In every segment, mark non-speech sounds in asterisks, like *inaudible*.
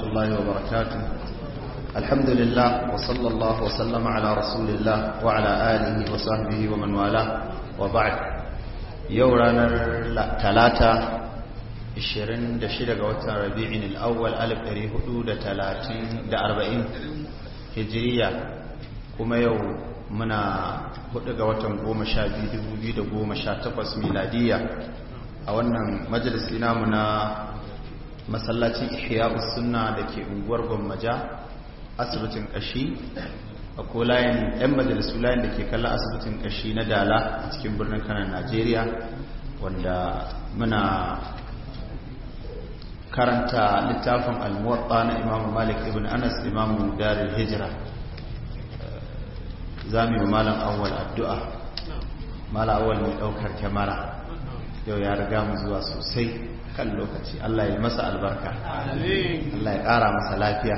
warahmatullahi wa barakatuh. Alhamdulillah wa sallallahu wa sallama ala rasulillah wa ala Yau ranar talata 26 ga watan Rabi'in kuma yau muna 4 ga watan 12 2018 miladiya a wannan majalisi namu masallacin ihya sunna da ke unguwar gwammaja asibitin kashi a kolayen yan majalisu layin da ke kalla asibitin kashi na dala a cikin birnin kanan najeriya wanda muna karanta littafin almuwaɓa na imamu malik ibn anas imamu darin hijira za mu yi malam awal addu'a malam awal mai ɗaukar kyamara yau ya riga mu zuwa sosai kan lokaci Allah ya masa albarka Allah ya ƙara masa lafiya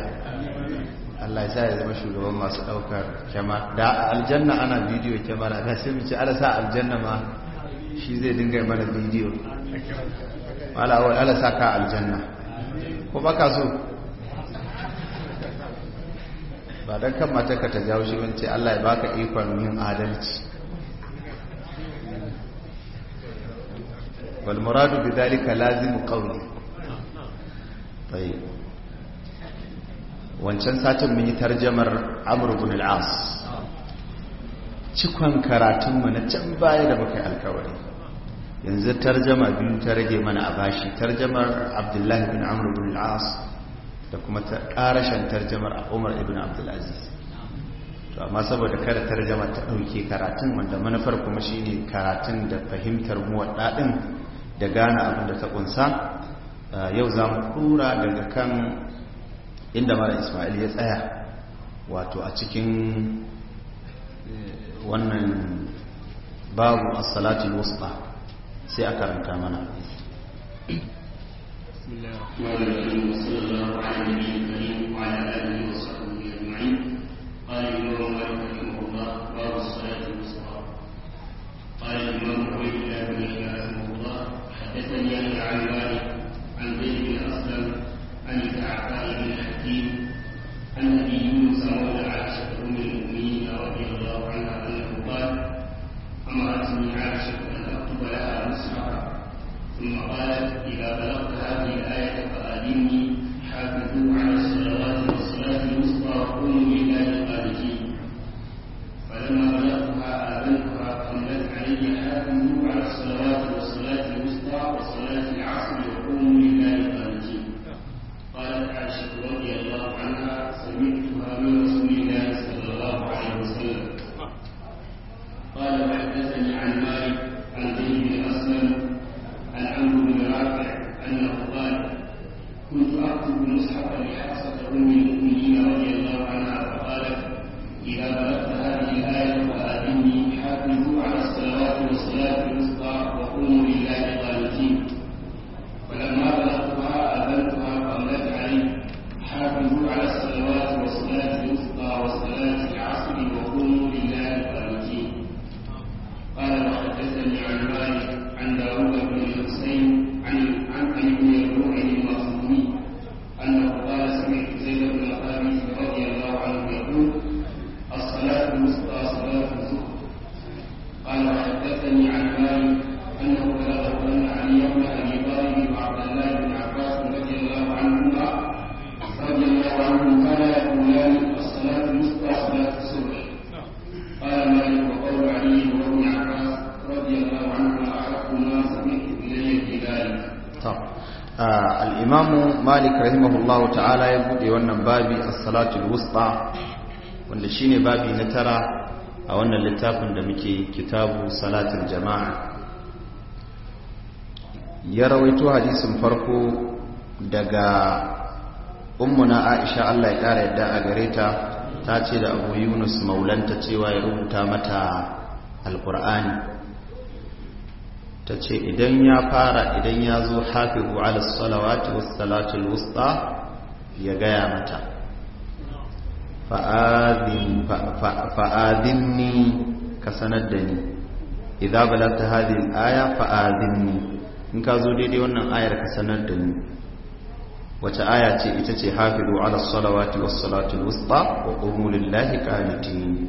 Allah ya sa ya zama shugaban masu ɗaukar kyamara da aljanna ana bidiyo kyamara da sai mu ce ala sa aljanna ma shi zai dinga mana bidiyo wala wai ala sa ka aljanna ko baka so ba dan kan mata ka ta jawo shi wance Allah ya baka ikon yin adalci wal muradu bi zalika lazimu qawli tayyib wancan satin mun yi tarjamar amr al-as cikon karatunmu na can baya da muka alkawari yanzu tarjama biyu ta rage mana a bashi tarjamar abdullahi bin amr al-as da kuma ta shan tarjamar umar ibn abdulaziz to amma saboda kada tarjama ta dauke karatun wanda manufar kuma shine karatun da fahimtar mu wadadin da gane abin da ta kunsa uh, yau za mu tura daga kan inda mara ismail ya tsaya wato a cikin eh, wannan babu asalatu wasu sai a karanta mana بسم الله الرحمن الرحيم rahimahullahu ta'ala ya buɗe wannan babi as-salatul wusta wanda shine babi na tara a wannan littafin da muke kitabu salatul jama'a ya rawaito hadisin farko daga ummuna Aisha Allah ya ƙara yadda a gare ta ta ce da Abu Yunus maulanta cewa ya rubuta mata alqur'ani ta ce idan ya fara idan ya zo hafizu ala salawati was salatul wusta ya gaya mata fa'adinni ka sanar da ni idza balagta hadhihi al-aya fa'adinni in ka zo daidai wannan ayar ka sanar da ni wace aya ce ita ce hafizu ala salawati was salatul wusta wa qumu lillahi qanitin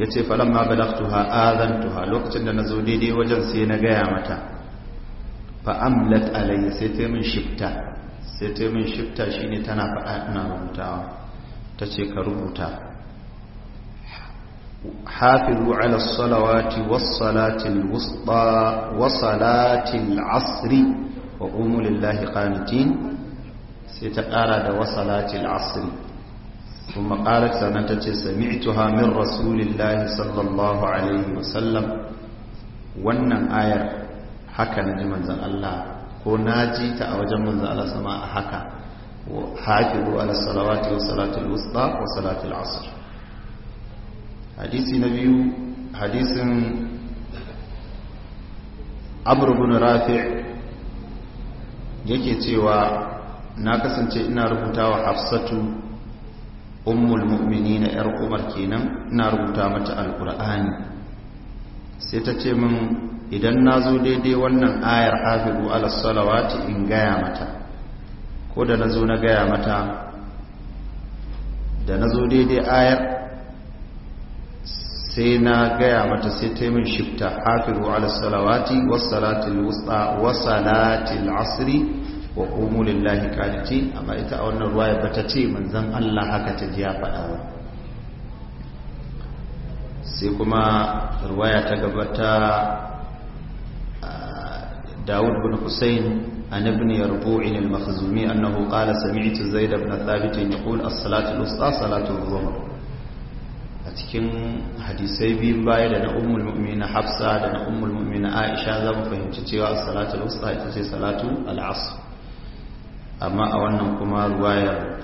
ya ce falamma balagtuha azantuha lokacin da na zo daidai wajen sai na gaya mata fa'amlat alayya sai ta min shifta sai ta min shifta ne tana faɗa ina rubutawa ta ce ka rubuta hafizu ala salawati was wusta was salatil asri wa umulillahi kanitin sai ta ƙara da was salatil asri ثم قالت سنتت سمعتها من رسول الله صلى الله عليه وسلم wannan ayar haka na ji manzan Allah ko na ji ta a wajen manzan Allah sama a haka hafiru ala salawati wa salatul wusta wa salatul asr hadisi na biyu hadisin amr ibn rafi' yake cewa na kasance ina rubuta wa hafsatu ummul mu'minina yar umar kenan ina rubuta mata alqur'ani sai ta ce min idan na zo daidai wannan ayar hafizu ala salawati in gaya mata ko da na zo na gaya mata da na zo daidai ayar sai na gaya mata sai ta yi min shifta hafizu ala salawati wasalatil wusta wasalatil asri wa qumu lillahi amma ita a wannan ruwaya ba ta ce manzan Allah haka ta jiya faɗa ba sai kuma ruwaya ta gabata ta Dawud bin Hussein an ibn Yarbu'in al-Makhzumi annahu qala sami'tu Zaid na Thabit yaqul as-salatu al-wusta salatu al salatu adh a cikin hadisai biyun baya da na umul mu'mina hafsa da na umul aisha za mu fahimci cewa salatul wusta ita ce salatu alasu. amma a wannan kuma ruwayar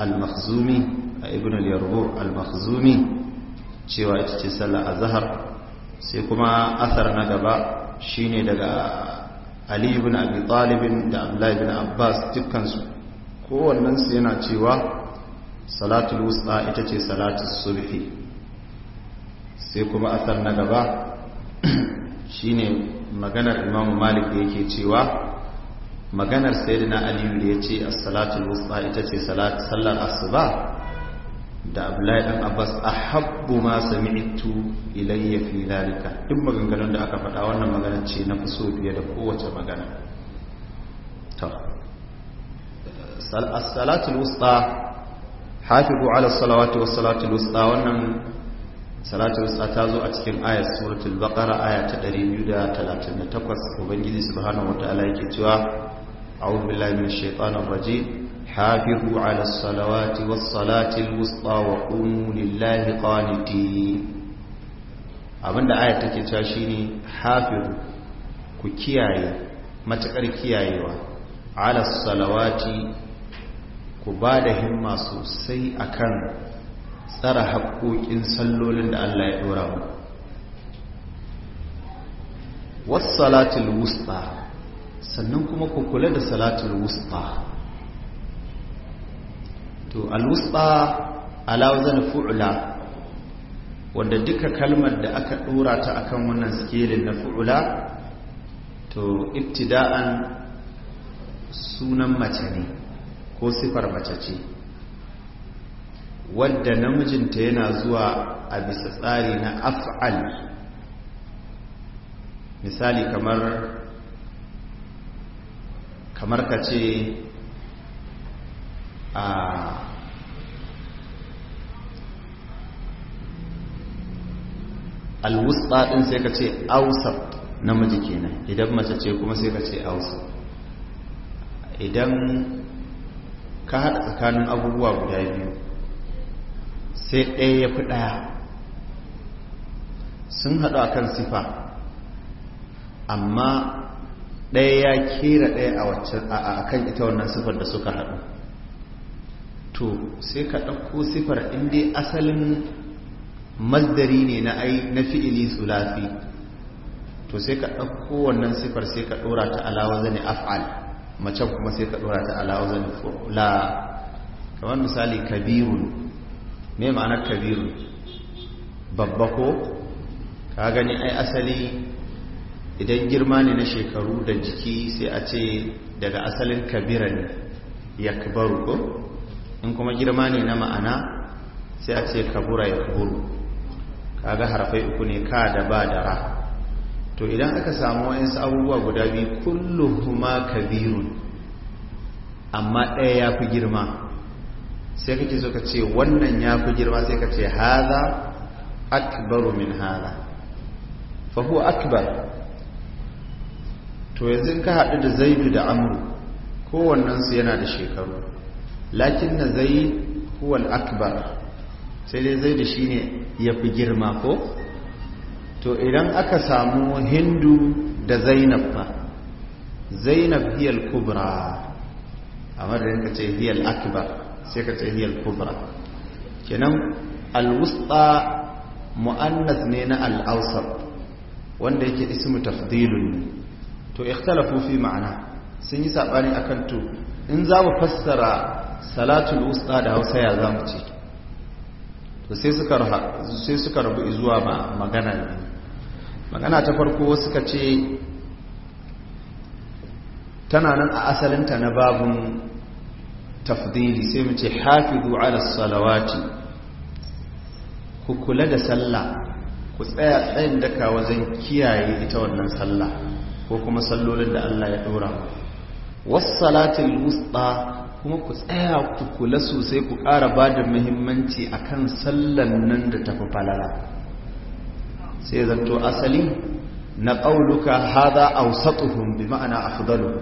al-makhzumi a ibn al-yarbu al-makhzumi cewa ita ce sallar azhar sai kuma asar na gaba shine daga Ali ibn Abi Talib da Abdullah ibn Abbas dukkansu su yana cewa salatul wusta ita ce salatul subhi sai kuma asar na gaba shine maganar Imam Malik da yake cewa maganar sayyidina aliyu da ya ce as wusta ita ce sallar asuba da abdullahi dan abbas ahabbu ma sami'tu ilayya fi zalika duk maganganun da aka faɗa wannan maganar ce na so fiye da kowace magana to as wusta hafizu ala salawati was salatul wusta wannan salatul wusta ta zo a cikin ayat suratul baqara aya ta 238 ubangiji subhanahu wataala yake cewa أعوذ بالله من الشيطان الرجيم حافظوا على الصلوات والصلاة الوسطى وقوموا لله قانتين abinda aya take cewa shine hafizu ku kiyaye matakar kiyayewa ala salawati ku ba da himma sosai akan tsara haƙoƙin sallolin da Allah ya dora mu was salatul wusta sannan kuma ku kula da salatul wusta to alwusta ala wazan fu'la wanda duka kalmar da aka dora ta akan wannan sikirin na fu'la to ibtida'an sunan mace ne ko sifar mace ce wadda namijinta yana zuwa a bisa tsari na af'al misali kamar kamar ka ce a alwusta ɗin sai ka ce ausaf namiji kenan idan mace ce kuma sai ka ce ausaf idan ka haɗa tsakanin abubuwa guda biyu sai ɗaya ya fi ɗaya sun haɗu a kan sifa amma ɗaya ya kera ɗaya a waccan a kan ita wannan sifar da suka haɗu to sai ka ɗauko sifar in dai asalin masdari ne na ai na fi'ili sulafi to sai ka ɗauko wannan sifar sai ka ɗora ta alawa zane af'al macen kuma sai ka ɗora ta alawa zane la kamar misali kabirun me ma'anar kabirun babba ko ka gani ai asali idan girma ne na shekaru da jiki sai a ce daga asalin kabiran ya kabaru ko in kuma girma ne na ma'ana sai a ce kabura ya kaburu kaga harfai uku ne ka da ba da ra to idan aka samu wayansu abubuwa guda biyu kuma kabirun amma ɗaya ya fi girma sai kake so ka ce wannan ya fi girma sai ka ce haza akbaru min haza fa huwa akbar to yanzu ka haɗu da zaidu da amru kowannensu yana da shekaru lakin na zai huwal akbar sai dai zaidu ne ya fi girma ko to idan aka samu hindu da zainab ba zainab hiyal kubra a madadin ka ce hiyal akbar sai ka ce hiyal kubra kenan alwusta mu'annas ne na al'ausar wanda yake ismu tafdilun to ikhtalafu fi ma'ana sun yi sabani akan to in za mu fassara salatul wusta da Hausa ya zamu ce to sai suka sai suka rabu zuwa magana magana ta farko suka ce tana nan a asalinta na babun tafdili sai mu ce hafizu ala salawati ku kula da sallah ku tsaya tsayin daka wajen kiyaye ita wannan sallah ko kuma sallolin da Allah ya ɗora wassalatul wusta kuma ku tsaya ku kula sosai ku ƙara ba da muhimmanci a kan sallan nan da tafi falala sai zanto asali na ƙauluka haza ausatuhum bi ma'ana afdalu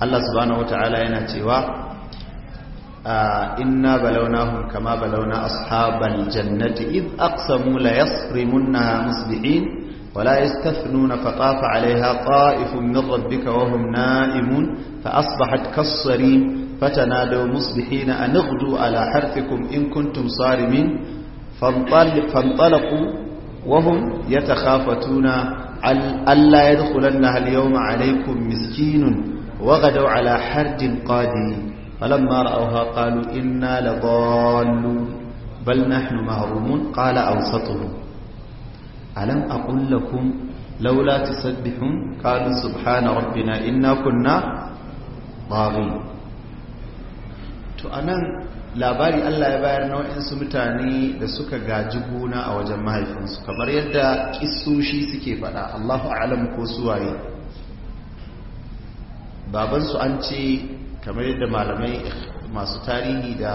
Allah subhanahu wata'ala yana cewa inna balaunahum kama balauna ashabal jannati id aqsamu la yasrimunna musbi'in ولا يستثنون فطاف عليها طائف من ربك وهم نائمون فأصبحت كالصريم فتنادوا مصبحين أن اغدوا على حرثكم إن كنتم صارمين فانطلقوا وهم يتخافتون ألا يدخلنها اليوم عليكم مسكين وغدوا على حرد قادرين فلما رأوها قالوا إنا لضالون بل نحن مهرومون قال أوسطهم alam aqul lakum laula tusabbihun qalu subhana rabbina inna kunna baghin to anan labari Allah ya bayar na wayansu mutane da suka gaji gona a wajen mahaifinsu kamar yadda kisoshi suke faɗa Allahu a'lam ko suwaye babansu an ce kamar yadda malamai masu tarihi da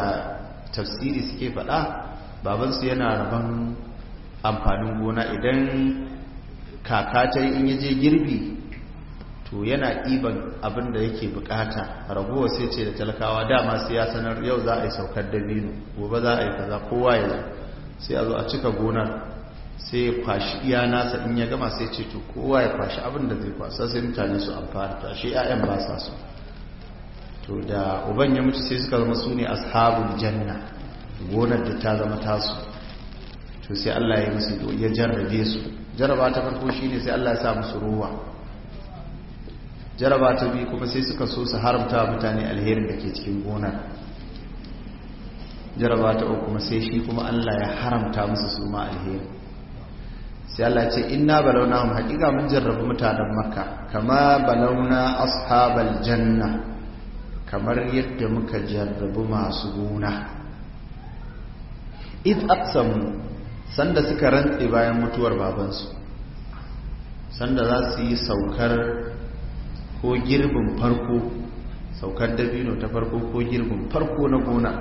tafsiri suke faɗa babansu yana rabon amfanin gona idan kaka ta in ya je girbi to yana ɗiban abin da yake bukata raguwa sai ce da talakawa dama sai ya sanar yau za a yi saukar dabino gobe za a yi kaza kowa ya zai sai a zo a cika gona sai ya kwashi iya nasa in ya gama sai ce to kowa ya kwashi abin zai kwasa sai mutane su amfana to shi 'ya'yan ba sa su to da uban ya mutu sai suka zama su ne ashabul janna gonar da ta zama tasu to sai Allah ya musu ya jarrabe su jaraba ta farko shine sai Allah ya sa musu ruwa jaraba ta biyu kuma sai suka so su haramta mutane alherin da ke cikin gonar jaraba ta uku kuma sai shi kuma Allah ya haramta musu su ma alheri sai Allah ce inna hum haqiqa mun jarrabu mutanen makka kama balawna ashabal janna kamar yadda muka jarrabu masu gona id aqsam sanda suka rantse bayan mutuwar babansu sanda za su yi saukar ko girbin farko saukar dabino ta farko ko girbin farko na gona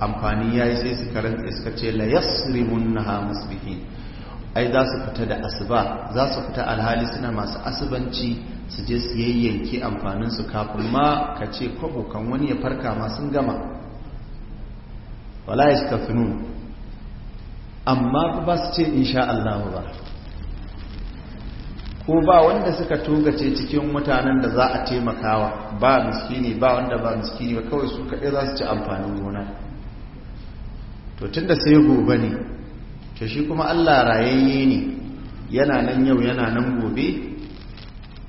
amfani ya yi sai suka rantse suka ce la yasri na hamus ai za su fita da asuba za su fita alhali suna masu asubanci su je su yayyanke amfaninsu kafin ma kace ce kwabo kan wani ya farka ma sun gama wala yastafinun amma ba su ce sha Allah ba ko ba wanda suka togace cikin mutanen da za a taimakawa ba miskini ba wanda ba miskini ba kawai su kaɗai za su ci amfanin gona to tun da sai gobe ne to shi kuma Allah rayayye ne yana nan yau yana nan gobe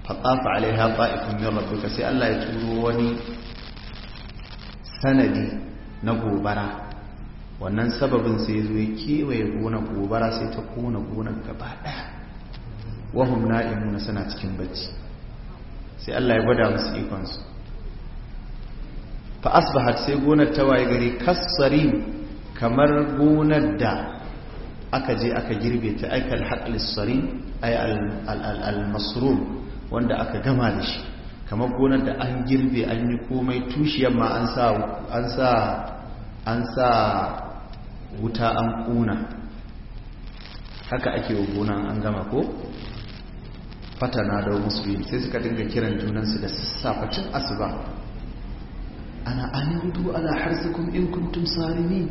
faɗafa alaiha ba'ikun min rabbuka sai Allah ya turo wani sanadi na gobara wannan sababin sai zo ya kewaye gonar gobara sai ta kona gonar gaba ɗaya wahum na'imuna suna cikin bacci sai Allah ya gwada musu ikonsu fa asbahat sai gonar ta waye gari kassari kamar gonar da aka je aka girbe ta aika al-haql sari ay al-masrum wanda aka gama da shi kamar gonar da an girbe an yi komai tushiyar ma an sa an sa an sa wuta an kuna haka ake wa gona an gama ko fatana da musulmi sai suka dinga kiran junansu da safacin asuba ana anibudu ala harsikum in kuntum sarimi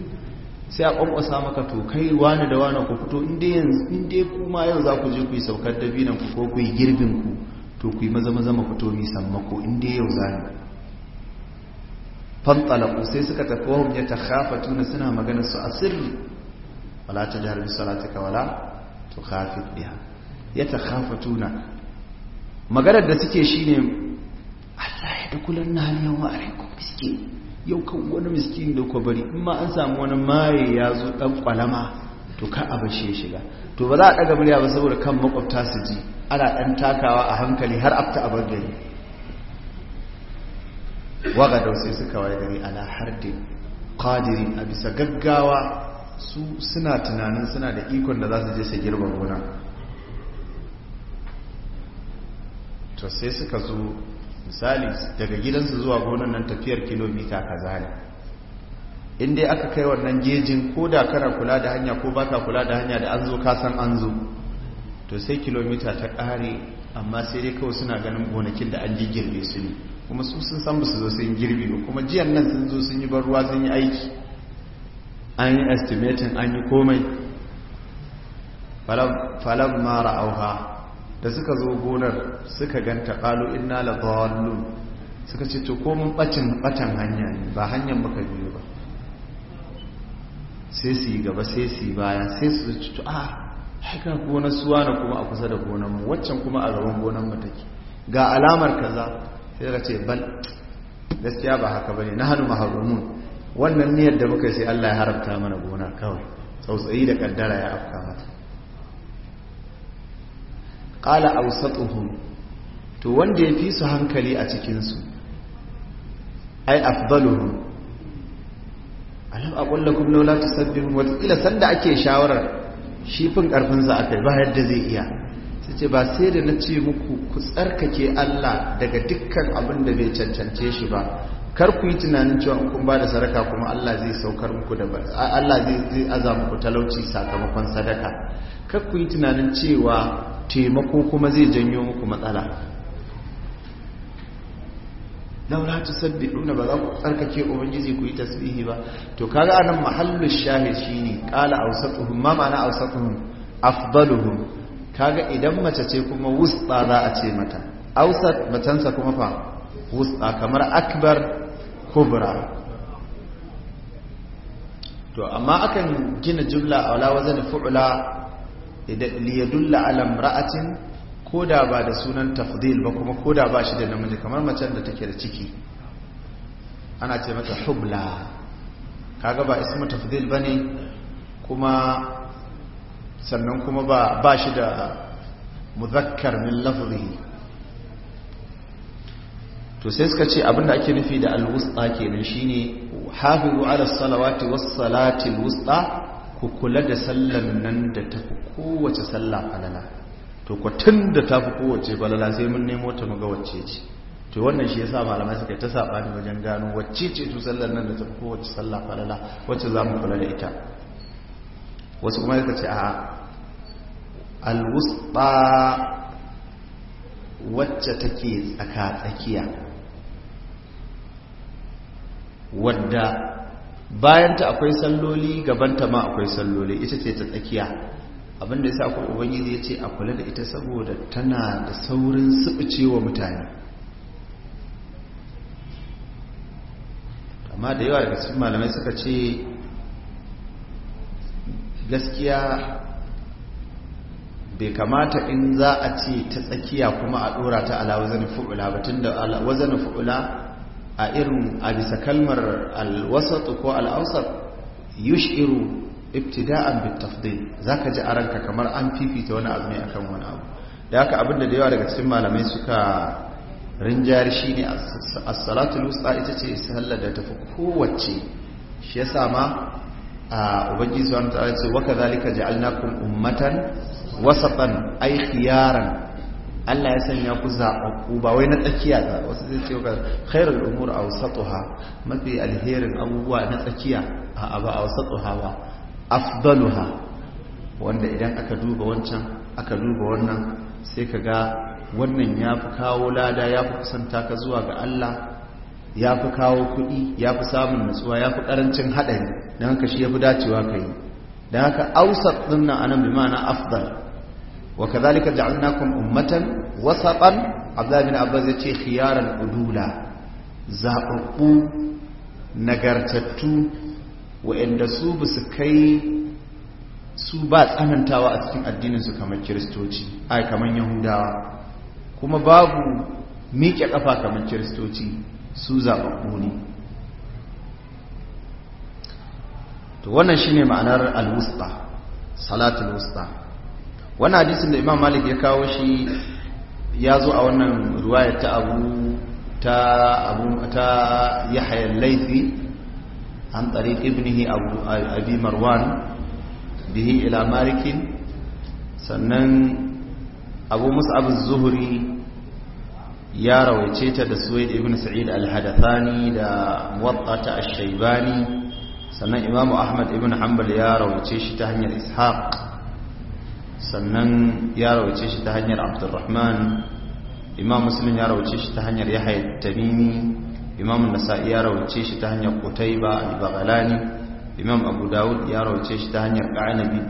sai a ƙwanƙwasa maka to kai wani da wani ku fito in inda kuma yau za ku je ku yi saukar dabinan ku ko ku yi girbin ku to ku yi maza maza ma fito mi sammako yau za ni fantsalaku sai suka tafi wahum ya takhafatu tuna suna maganar su a sirri wala ta jihar bi salatika wala tu khafit biha ya takhafatu tuna maganar da suke shine Allah ya dukulan na hal wa alaikum miskin yau kan wani miskin da ku bari in ma an samu wani maye ya zo dan kwalama to ka a bashe shiga to ba za a daga murya ba saboda kan makwabta su ji ana dan takawa a hankali har afta abar gari wagadau sai suka waye gari ala hardi kadiri a bisa gaggawa su suna tunanin suna da ikon da za su je su girba gona to sai suka zo misali daga gidansu zuwa gonan nan tafiyar kilomita kaza ne in dai aka kai wannan gejin ko da kana kula da hanya ko baka kula da hanya da an zo ka san an zo to sai kilomita ta ƙare amma sai dai kawai suna ganin gonakin da an girbe su ne kuma su sun san su zo sun girbi ba kuma jiyan nan sun zo sun yi ban ruwa sun yi aiki an yi estimating an yi komai falab mara auha da suka zo gonar suka ganta kalu inna la dhallu suka ce to ko mun bacin batan hanya ne ba hanyar muka biyo ba sai su yi gaba sai su yi baya sai su ci to ah haka gonar suwa na kuma a kusa da gonar mu waccan kuma a gaban gonar mu take ga alamar kaza sai ka ce bal gaskiya ba haka bane na hannu maharumun wannan niyyar da muka sai Allah ya haramta mana gona kawai tsautsayi da kaddara ya afka mata qala awsatuhum to wanda ya fi su hankali a cikin su ai afdaluhum alam aqul lakum law la wa ila sanda ake shawarar shifin karfin sa akai ba yadda zai iya ta ce ba sai da na ce muku ku tsarkake Allah daga dukkan abin da bai cancance shi ba kar ku yi tunanin cewa kun ba da sadaka kuma Allah zai saukar muku da Allah zai aza muku talauci sakamakon sadaka kar ku yi tunanin cewa taimako kuma zai janyo muku matsala sabbi tusabbihuna ba za ku tsarkake ubangiji ku yi tasbihi ba to kaga anan mahallu shahid shine qala awsatuhum ma ma'ana awsatuhum afdaluhum kaga idan mace ce kuma wusta za a ce mata ausat matansa kuma fa wusta kamar akbar kubra to amma akan gina jumla a wala wazan fu'la liyadulla ala imra'atin koda ba da sunan tafdil ba kuma koda ba shi da namiji kamar macen da take da ciki ana ce mata hubla kaga ba ismu tafdil bane kuma sannan kuma ba shi da muzakkar min lafzi to sai suka ce abinda ake nufi da alwusta kenan shine hafizu ala salawati was salati alwusta ku kula da sallan nan da ta fi kowace sallah falala to ku da ta fi kowace falala sai mun nemo ta muga wacce ce to wannan shi yasa malamai suka ta ni wajen gano wacce ce to sallan nan da ta fi kowace sallah falala wacce za mu kula da ita wasu kuma yaka ce a alwusba wacce take tsaka-tsakiya wadda bayanta akwai salloli gaban ta ma akwai salloli ita ce ta tsakiya abinda ya sa akwai ubangiji ya ce a kula da ita saboda tana da saurin suɓuce wa mutane amma da yawa daga cikin malamai suka ce gaskiya bai kamata in za a ce ta tsakiya kuma a dora ta ala wazan fu'ula ba tunda wazan fu'ula a irin a bisa kalmar alwasatu ko al'ausat yushiru ibtida'an bit za ka ji a ranka kamar an fifita wani abu ne akan wani abu da haka abinda da yawa daga cikin malamai suka shi ne. a salatu lusa ita ce sallar da tafi kowace shi sa ma a ubangiji subhanahu ta ce wa ji alnakun ummatan wasafan aiki yaran Allah ya sanya ku zaɓaɓɓu ba wai na tsakiya ba wasu zai ce ka khairul umur awsatuha mafi alherin abubuwa na tsakiya a ba awsatuha ba afdaluha wanda idan aka duba wancan aka duba wannan sai ka ga wannan ya fi kawo lada ya fi kusanta ka zuwa ga Allah ya fi kawo kuɗi ya fi samun nutsuwa ya fi ƙarancin haɗari don haka shi ya fi dacewa ka yi don haka ausat ɗin nan anan bi ma'ana afdal wa kazalika ja'alnakum ummatan wasatan abdullahi bin abbas ya ce khiyaran udula zaɓaɓɓu nagartattu wa'anda su ba kai su ba tsanantawa a cikin addininsu kamar kiristoci ai kamar yahudawa kuma babu miƙe ƙafa kamar kiristoci su zaɓaɓɓu ne to wannan shine ma'anar al-wusta salatul wusta wannan hadisin da Imam Malik ya kawo shi ya zo a wannan riwayar ta Abu ta Abu ta Yahya al-Laythi an tariq ibnihi Abu Abi Marwan bihi ila Malik sannan Abu Mus'ab az-Zuhri ya rawaice ta da Suwaid ibn Sa'id al-Hadathani da Muwatta ta Ash-Shaybani sannan imamu ahmad ibn hanbal ya rawace shi ta hanyar ishaq sannan ya rawace shi ta hanyar abdurrahman imam muslim ya rawace shi ta hanyar yahya tamimi imam nasa'i ya rawace shi ta hanyar qutayba al-baghlani imam abu daud ya rawace shi ta hanyar qanabi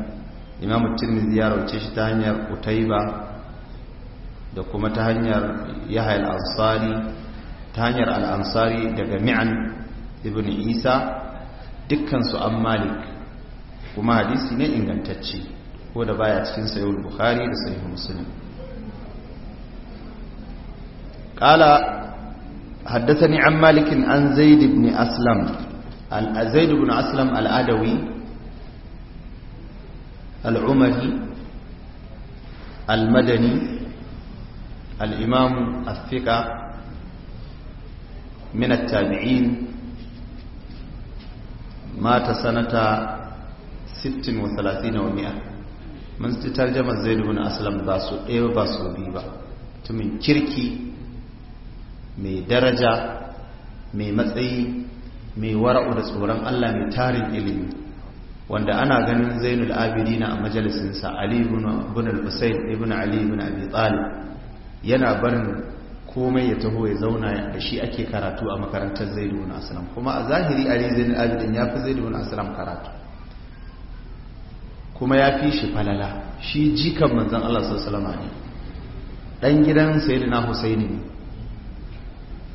imam tirmidhi ya rawace shi ta hanyar qutayba da kuma ta hanyar yahya al-ansari ta hanyar al-ansari daga mi'an ibn isa dukkansu an malik kuma hadisi ne ingantacce ko da baya cikin sayo buhari da sai musulun kala haddasani an malikin an zaidu ne aslam al'azaidu ne aslam al'adawi al'umari al-madani al-imamu al-fika tabiin mata sanata 60 wa 30 wa 100 mun ci tarjamar zaid ibn aslam ba su ɗaya ba su biyu ba tumin kirki mai daraja mai matsayi mai wara'u da tsoron Allah mai tarin ilimi wanda ana ganin zainul abidina a majalisinsa ali ibn al-husayn ibn ali ibn abi talib yana barin komai ya taho ya zauna da shi ake karatu a makarantar zaidu bin aslam kuma a zahiri ali zainul abidin ya fi zaidu bin aslam karatu kuma ya fi shi falala shi jikan manzon Allah salama ne dan gidan na husaini ne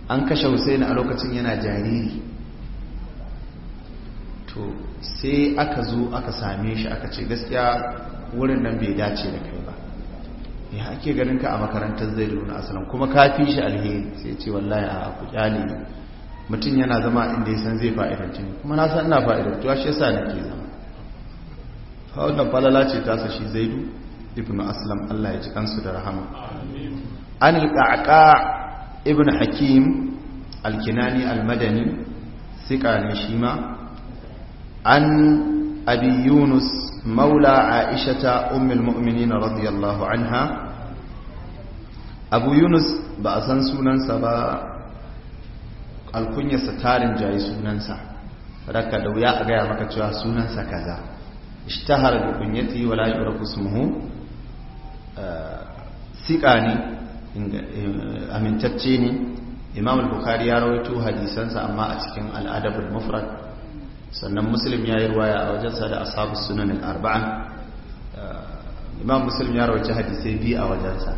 an kashe Hussaini a lokacin yana jariri to sai aka zo aka same shi aka ce gaskiya wurin nan bai dace da kai ya ake ganin ka a makarantar zai nuna asalin kuma ka fi shi alheri sai ce wallahi a ku kyale mutum yana zama inda ya san zai fa'idanci ne kuma na san ina fa'idanci ya shi yasa nake zama wannan falala ce ta sa shi zaidu ibn aslam Allah ya ji kansu da rahama an alƙaƙa ibn hakim alkinani almadani sika ne shi ma an abi yunus maula aishata ummul mu'minin radiyallahu anha abu yunus ba a san sunansa ba alkunyarsa tarin jayi sunansa raka da wuya a gaya maka cewa sunansa kaza ishtahar da kunyati wala yu'rafu ismuhu eh, siƙa ne eh, amintacce ne imam al-bukhari ya rawaito hadisansa amma a cikin al mufrad sannan muslim ya yi ruwaya a wajensa da asabu sunanin arba'an eh, imam muslim ya rawaito hadisai biyu a wajensa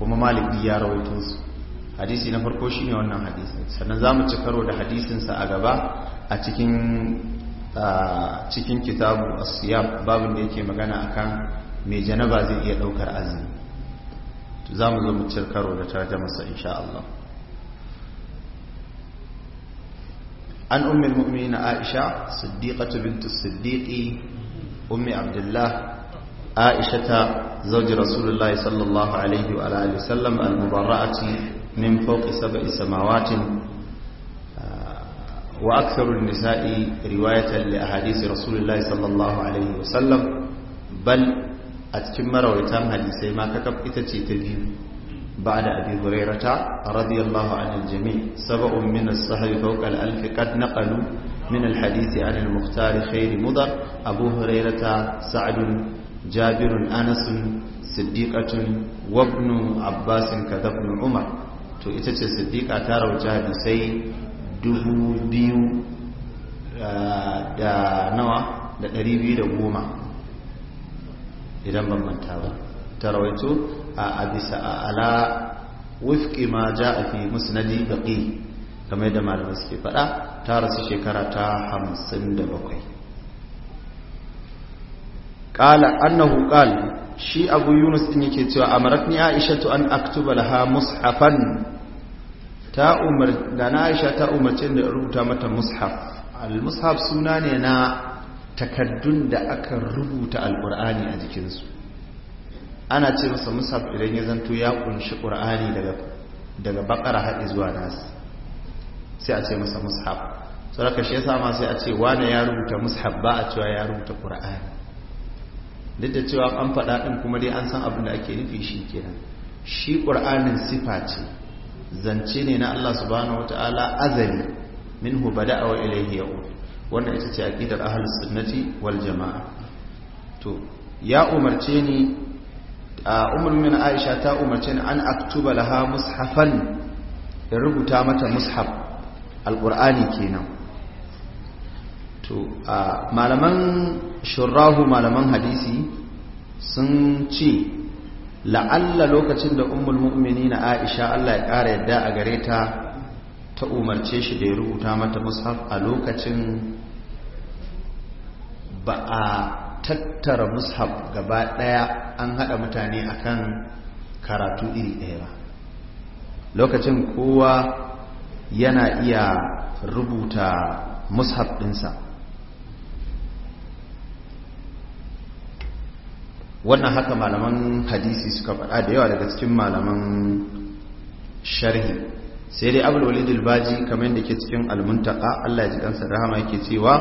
kuma maliki ya rawaito su hadisi na farko shine wannan hadisin sannan zamu ci karo da hadisin sa a gaba a cikin cikin kitabu as-siyam babin da yake magana a kan mai janaba zai iya daukar azumi to zamu zo mu ci karo da tarjumar sa insha Allah An ummi أم na Aisha, صديقة بنت الصديق Ummi Abdullah, Aisha ta. زوج رسول الله صلى الله عليه وعلى آله وسلم المبرأة من فوق سبع سماوات وأكثر النساء رواية لأحاديث رسول الله صلى الله عليه وسلم بل أتكم رويتام حديثي ما ككب إتتي تبيو بعد أبي هريرة رضي الله عن الجميع سبع من الصحب فوق الألف قد نقلوا من الحديث عن المختار خير مضر أبو هريرة سعد jabirun anasun siddiqatun wabnu abbasin kadabnu umar to ita ce siddiqa ta rauta hadisai dubu biyu eh, da nawa da ɗari biyu da goma idan ban manta ba ta rawaito a bisa ala wifki ma ja a fi musnadi baƙi kamar da malamai suke faɗa ta rasu shekara ta hamsin da bakwai qala annahu qala shi abu yunus din yake cewa amaratni aishatu an aktuba laha mushafan ta umar da na aisha ta umarce da rubuta mata mushaf al mushaf suna ne na takaddun da aka rubuta alqur'ani a jikinsu ana ce masa mushaf idan ya zanto ya kunshi qur'ani daga daga bakara haɗi zuwa nas sai a ce masa mushaf saboda shi yasa ma sai a ce wane ya rubuta mushaf ba a cewa ya rubuta qur'ani duk da cewa an faɗa ɗin kuma dai an san abin da ake nufi shi kenan shi ƙur'anin sifa ce zance ne na Allah subhanahu wata'ala azali minhu bada'a wa ilayhi ya'ud wannan ita ce aqidar ahlus sunnati wal jama'a to ya umarce ni a umar min aisha ta umarce ni an aktuba laha mushafan in rubuta mata mushaf alqur'ani kenan to malaman shurrahu malaman hadisi sun ce la'alla lokacin da umul mu'mini na aisha allah ya ƙara yadda a gare ta ta umarce shi da ya rubuta mata mushaf a lokacin ba a tattara mushaf gaba ɗaya an haɗa mutane akan karatu iri ɗaya ba lokacin kowa yana iya rubuta mushaf ɗinsa wannan haka malaman hadisi suka faɗa da yawa daga cikin malaman sharhi sai dai abul walid kamar yadda ke cikin al Allah ya ji kansa rahama yake cewa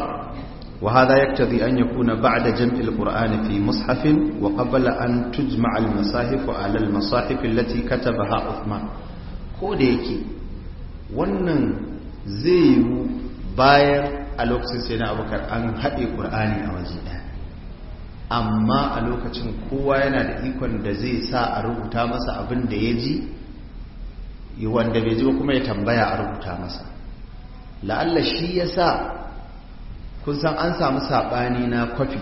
wa hadha yaktazi an yakuna ba'da jam'i al-qur'ani fi mushafin wa qabla an tujma' al-masahif ala al allati katabaha Uthman ko da yake wannan zai yi bayan a lokacin sai na abubakar an haɗe qur'ani a waje ɗaya amma a lokacin kowa yana da ikon da zai sa a rubuta masa abin da ya ji wanda bai ji ba kuma ya tambaya a rubuta masa la'alla shi ya sa kun san an samu saɓani na kwafi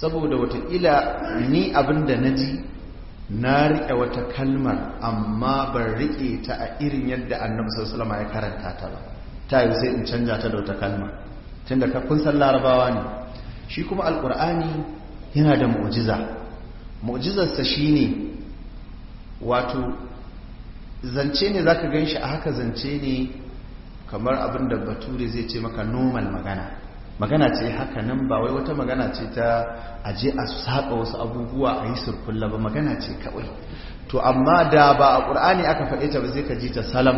saboda watakila ni abin da na ji na riƙe wata kalmar amma ban riƙe ta a irin yadda annabi salama ya karanta ta ba ta yi sai in canja ta da wata kalma tunda kun san larabawa ne shi kuma alkur'ani yana da mu'jiza mu'jizarsa shine wato zance ne zaka ganshi a haka zance ne kamar abin da bature zai ce maka normal magana magana ce haka nan ba wai wata magana ce ta aje a saka wasu abubuwa a yi surkulla ba magana ce kawai to amma da ba a ƙur'ani aka faɗe ta ba zai ka ji ta salam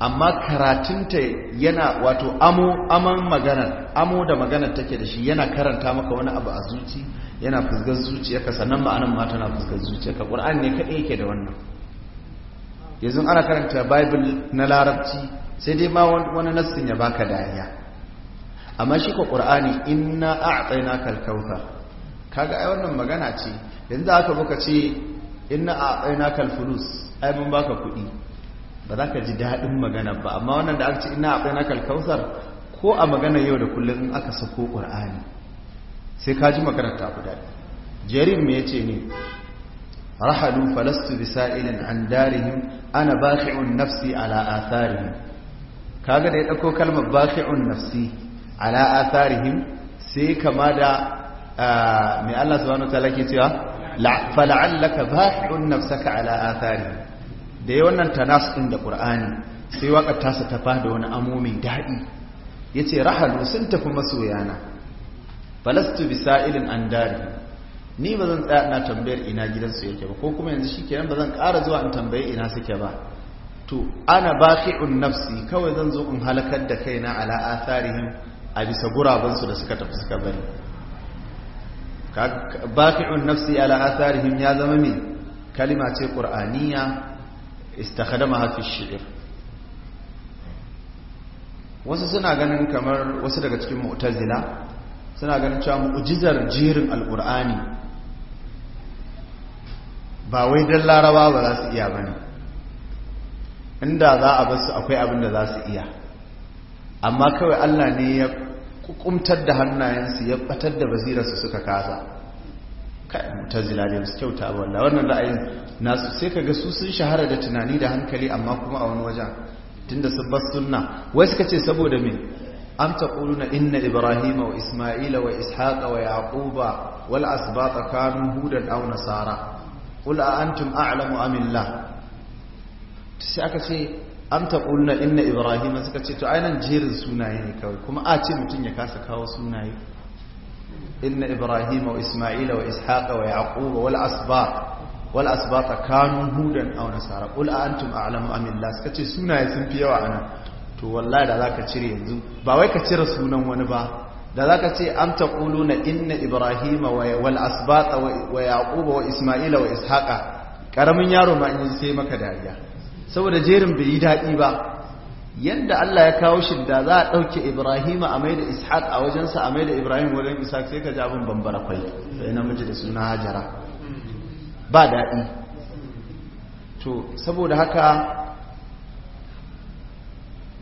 amma karatunta yana wato amo aman magana amo da magana take da shi yana karanta maka wani abu a zuci yana fuskar zuciyarka sannan ma'anan ma tana fuskar zuciyarka qur'an ne kadai yake da wannan yanzu ana karanta bible na larabci sai dai ma wani nassin ya baka dariya amma shi ko qur'ani inna na kalkauta kaga ai wannan magana ce yanzu aka muka ce inna a'tainakal kalfulus ai mun baka kuɗi ba za ka ji daɗin magana ba amma wannan da aka ce ina akwai na kalkausar ko a magana yau da kullum in aka sako ƙur'ani sai ka ji magana ta fi jerin me ya ce ne rahalu falastu bisa'ilin an darihim ana bashi'un nafsi ala atharihim kaga da ya ɗako kalmar bashi'un nafsi ala atharihim sai kama da mai Allah subhanahu wa ta'ala ke cewa fala'allaka bashi'un nafsaka ala atharihim da ya wannan tanas ɗin da ƙur'ani sai waƙar tasa ta fada wani amo mai daɗi ya ce rahalu sun tafi masoyana falastu bisa irin an dare ni ba zan tsaya na tambayar ina gidansu yake ba ko kuma yanzu shi kenan ba zan ƙara zuwa in tambayi ina suke ba to ana un nafsi kawai zan zo in halakar da kaina ala tarihin a bisa gurabansu da suka tafi suka bari un nafsi ala tarihin ya zama mai kalima ce ƙur'aniya istakhadamaha fi shi'r wasu suna ganin kamar wasu daga cikin mu'tazila suna ganin cewa mu'jizar jirin alqur'ani ba wai dan laraba ba za su iya bane inda za a basu akwai abin da za su iya amma kawai Allah ne ya kukumtar da hannayensu ya batar da bazirarsu suka kasa kai mutazila ne su kyauta ba wallahi wannan ra'ayin nasu sai ka ga su sun shahara da tunani da hankali amma kuma a wani wajen tunda sun bar sunna wai suka ce saboda me am taquluna inna ibrahima wa isma'ila wa ishaqa wa yaquba wal asbata kanu hudan aw nasara qul a antum a'lamu am illah sai aka ce am taquluna inna ibrahima suka ce to ainihin jerin sunaye ne kawai kuma a ce mutun ya kasa kawo sunaye إن إبراهيم وإسماعيل وإسحاق hudan والأسباط والأسباط كانوا هودا أو نصارى قل أأنتم أعلم أم الله سكتي سونا يسنفي وعنا to wallahi da zaka cire yanzu ba wai ka cire sunan wani ba da zaka ce am na inna ibrahima wal asbata wa yaquba wa isma'ila wa ishaqa karamin yaro ma in sai maka dariya saboda jerin bai yi daɗi ba Yadda Allah ya kawo shi da za a ɗauke Ibrahim a mai da Ishaq a wajensa a mai da Ibrahim wajen Ishaq sai ka ji abin bambara kwai sai namiji da suna Hajara ba daɗi to saboda haka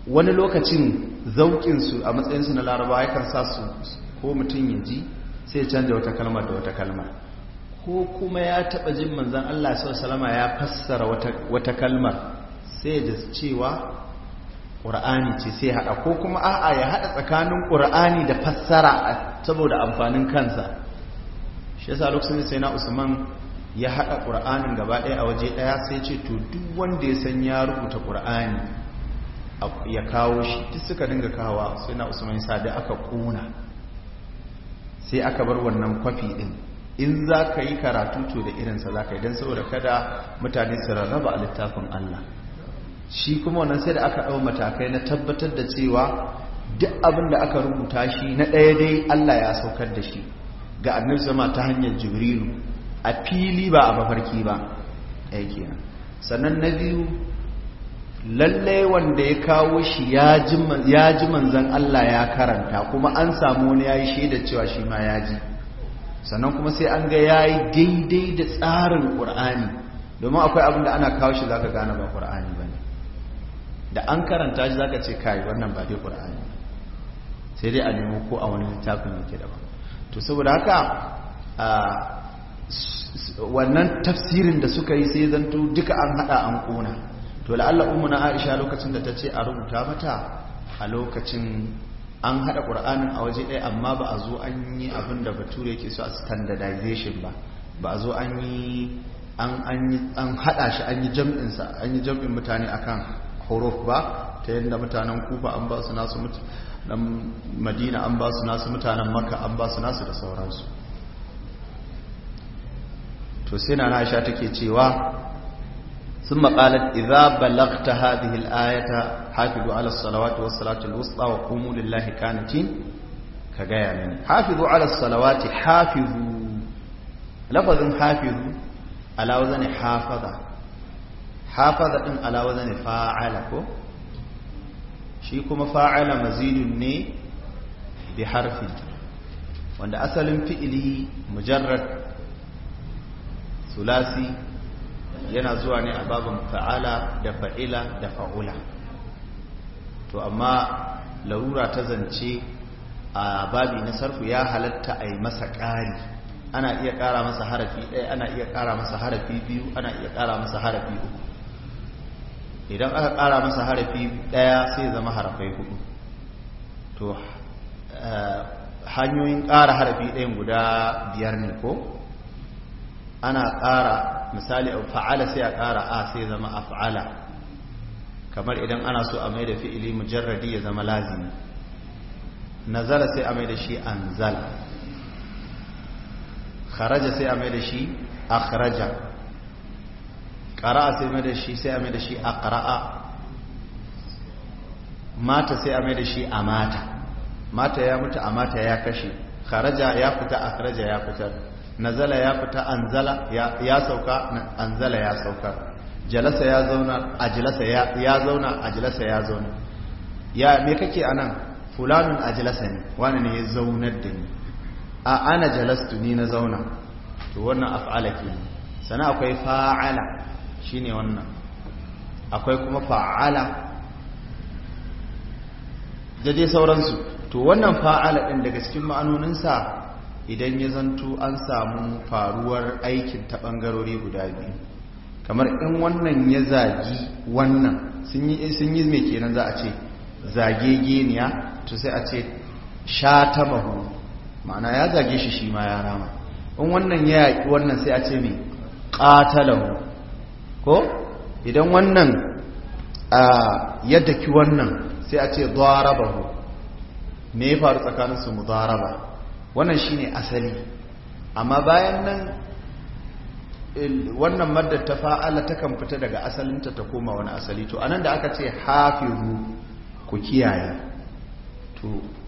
wani lokacin zauƙinsu a matsayinsu na laraba ya kan sa su ko mutum ya ji sai canza wata kalmar da wata kalma ko kuma ya taɓa jin manzan Allah salama ya fassara wata kalmar sai da cewa ƙur'ani ce sai haɗa ko kuma a'a ya haɗa tsakanin ƙur'ani da fassara saboda amfanin kansa shi yasa lokacin sai na usman ya haɗa ƙur'anin gaba ɗaya a waje ɗaya sai ce to duk wanda ya san ya rubuta ƙur'ani ya kawo shi duk suka dinga kawa sai na usman ya da aka ƙuna sai aka bar wannan kwafi ɗin in za ka yi karatu to da irinsa za ka yi don saboda kada mutane su rarraba a littafin allah shi kuma wannan sai da aka ɗau matakai na tabbatar da cewa duk abin da aka rubuta shi na ɗaya dai Allah ya saukar da shi ga annabi zama ta hanyar jibrilu a fili ba a bafarki ba aiki sannan na biyu lalle wanda ya kawo shi ya ji manzan Allah ya karanta kuma an samu wani ya yi shaida cewa shi ma ya ji sannan kuma sai an ga ya yi daidai da tsarin ƙur'ani domin akwai abin da ana kawo shi za ka gane ba ƙur'ani da an karanta shi zaka ce kai wannan ba dai qur'ani sai dai a nemo ko a wani littafin yake ba to saboda haka wannan tafsirin da suka yi sai zanto duka an hada an kona to la'alla ummu na Aisha lokacin da ta ce a rubuta mata a lokacin an hada qur'anin a waje ɗaya amma ba a zo an yi abin da bature yake so a standardization ba ba a zo an yi an hada shi an yi jam'in sa an yi jam'in mutane akan huruf ba ta yadda mutanen kufa an ba su nasu mutanen madina an ba su nasu mutanen maka an ba su nasu da sauransu to sai na aisha take cewa sun maƙalar idza balagta hadhihi al-ayata hafizu ala salawati wasu salati al-wusta wa qumu lillahi qanitin ka gaya mini hafizu ala salawati hafizu lafazin hafizu ala wazani hafaza hafaza din ala wazani fa'ala ko shi kuma fa'ala mazidun ne bi harfi wanda asalin fi'ili mujarrad sulasi yana zuwa ne a babin fa'ala da fa'ila da fa'ula to amma larura ta zance a babi na sarfu ya halatta a yi masa ƙari ana iya ƙara masa harafi ɗaya ana iya ƙara masa harafi biyu ana iya ƙara masa harafi uku idan aka kara masa harafi daya sai zama harafai hudu to eh, hanyoyin kara harafi ɗayan guda biyar ne ko ana kara misali a fa'ala sai a kara a sai zama a fa'ala kamar idan ana so a maida da fi'ili mujarradi ya zama lazimi nazara sai a mai da shi anzala kharaja sai a mai da shi akhraja ƙara'a sai mai da shi sai a mai da shi a ƙara'a mata sai a mai da shi a mata mata ya mutu a mata ya kashe kharaja ya fita a kharaja ya fitar nazala ya fita anzala ya sauka anzala ya sauka jalasa ya zauna jalasa ya zauna jalasa ya zauna ya me kake a fulanin fulanun jalasa ne wani ne ya zaunar da ni a ana jalastu ni na zauna to wannan af'ala ke sana akwai fa'ala shine wannan akwai kuma fa'ala da dai sauransu to wannan fa'ala ɗin daga cikin ma'anoninsa idan ya zanto an samu faruwar aikin ta ɓangarori guda biyu kamar in wannan ya zagi wannan sun yi mai kenan za a ce zage geniya to sai a ce sha ta mahu ma'ana ya zage shi shi ma ya rama in wannan ya yaƙi wannan sai a ce mai ƙatalahu ko idan wannan yadda ki wannan sai a ce darabahu me ya faru tsakanin tsakaninsu mudaraba wannan shine asali amma bayan nan wannan maddar ta fa'ala takan fita daga asalinta ta koma wani asali to anan da aka ce hafizu ku kiyaye to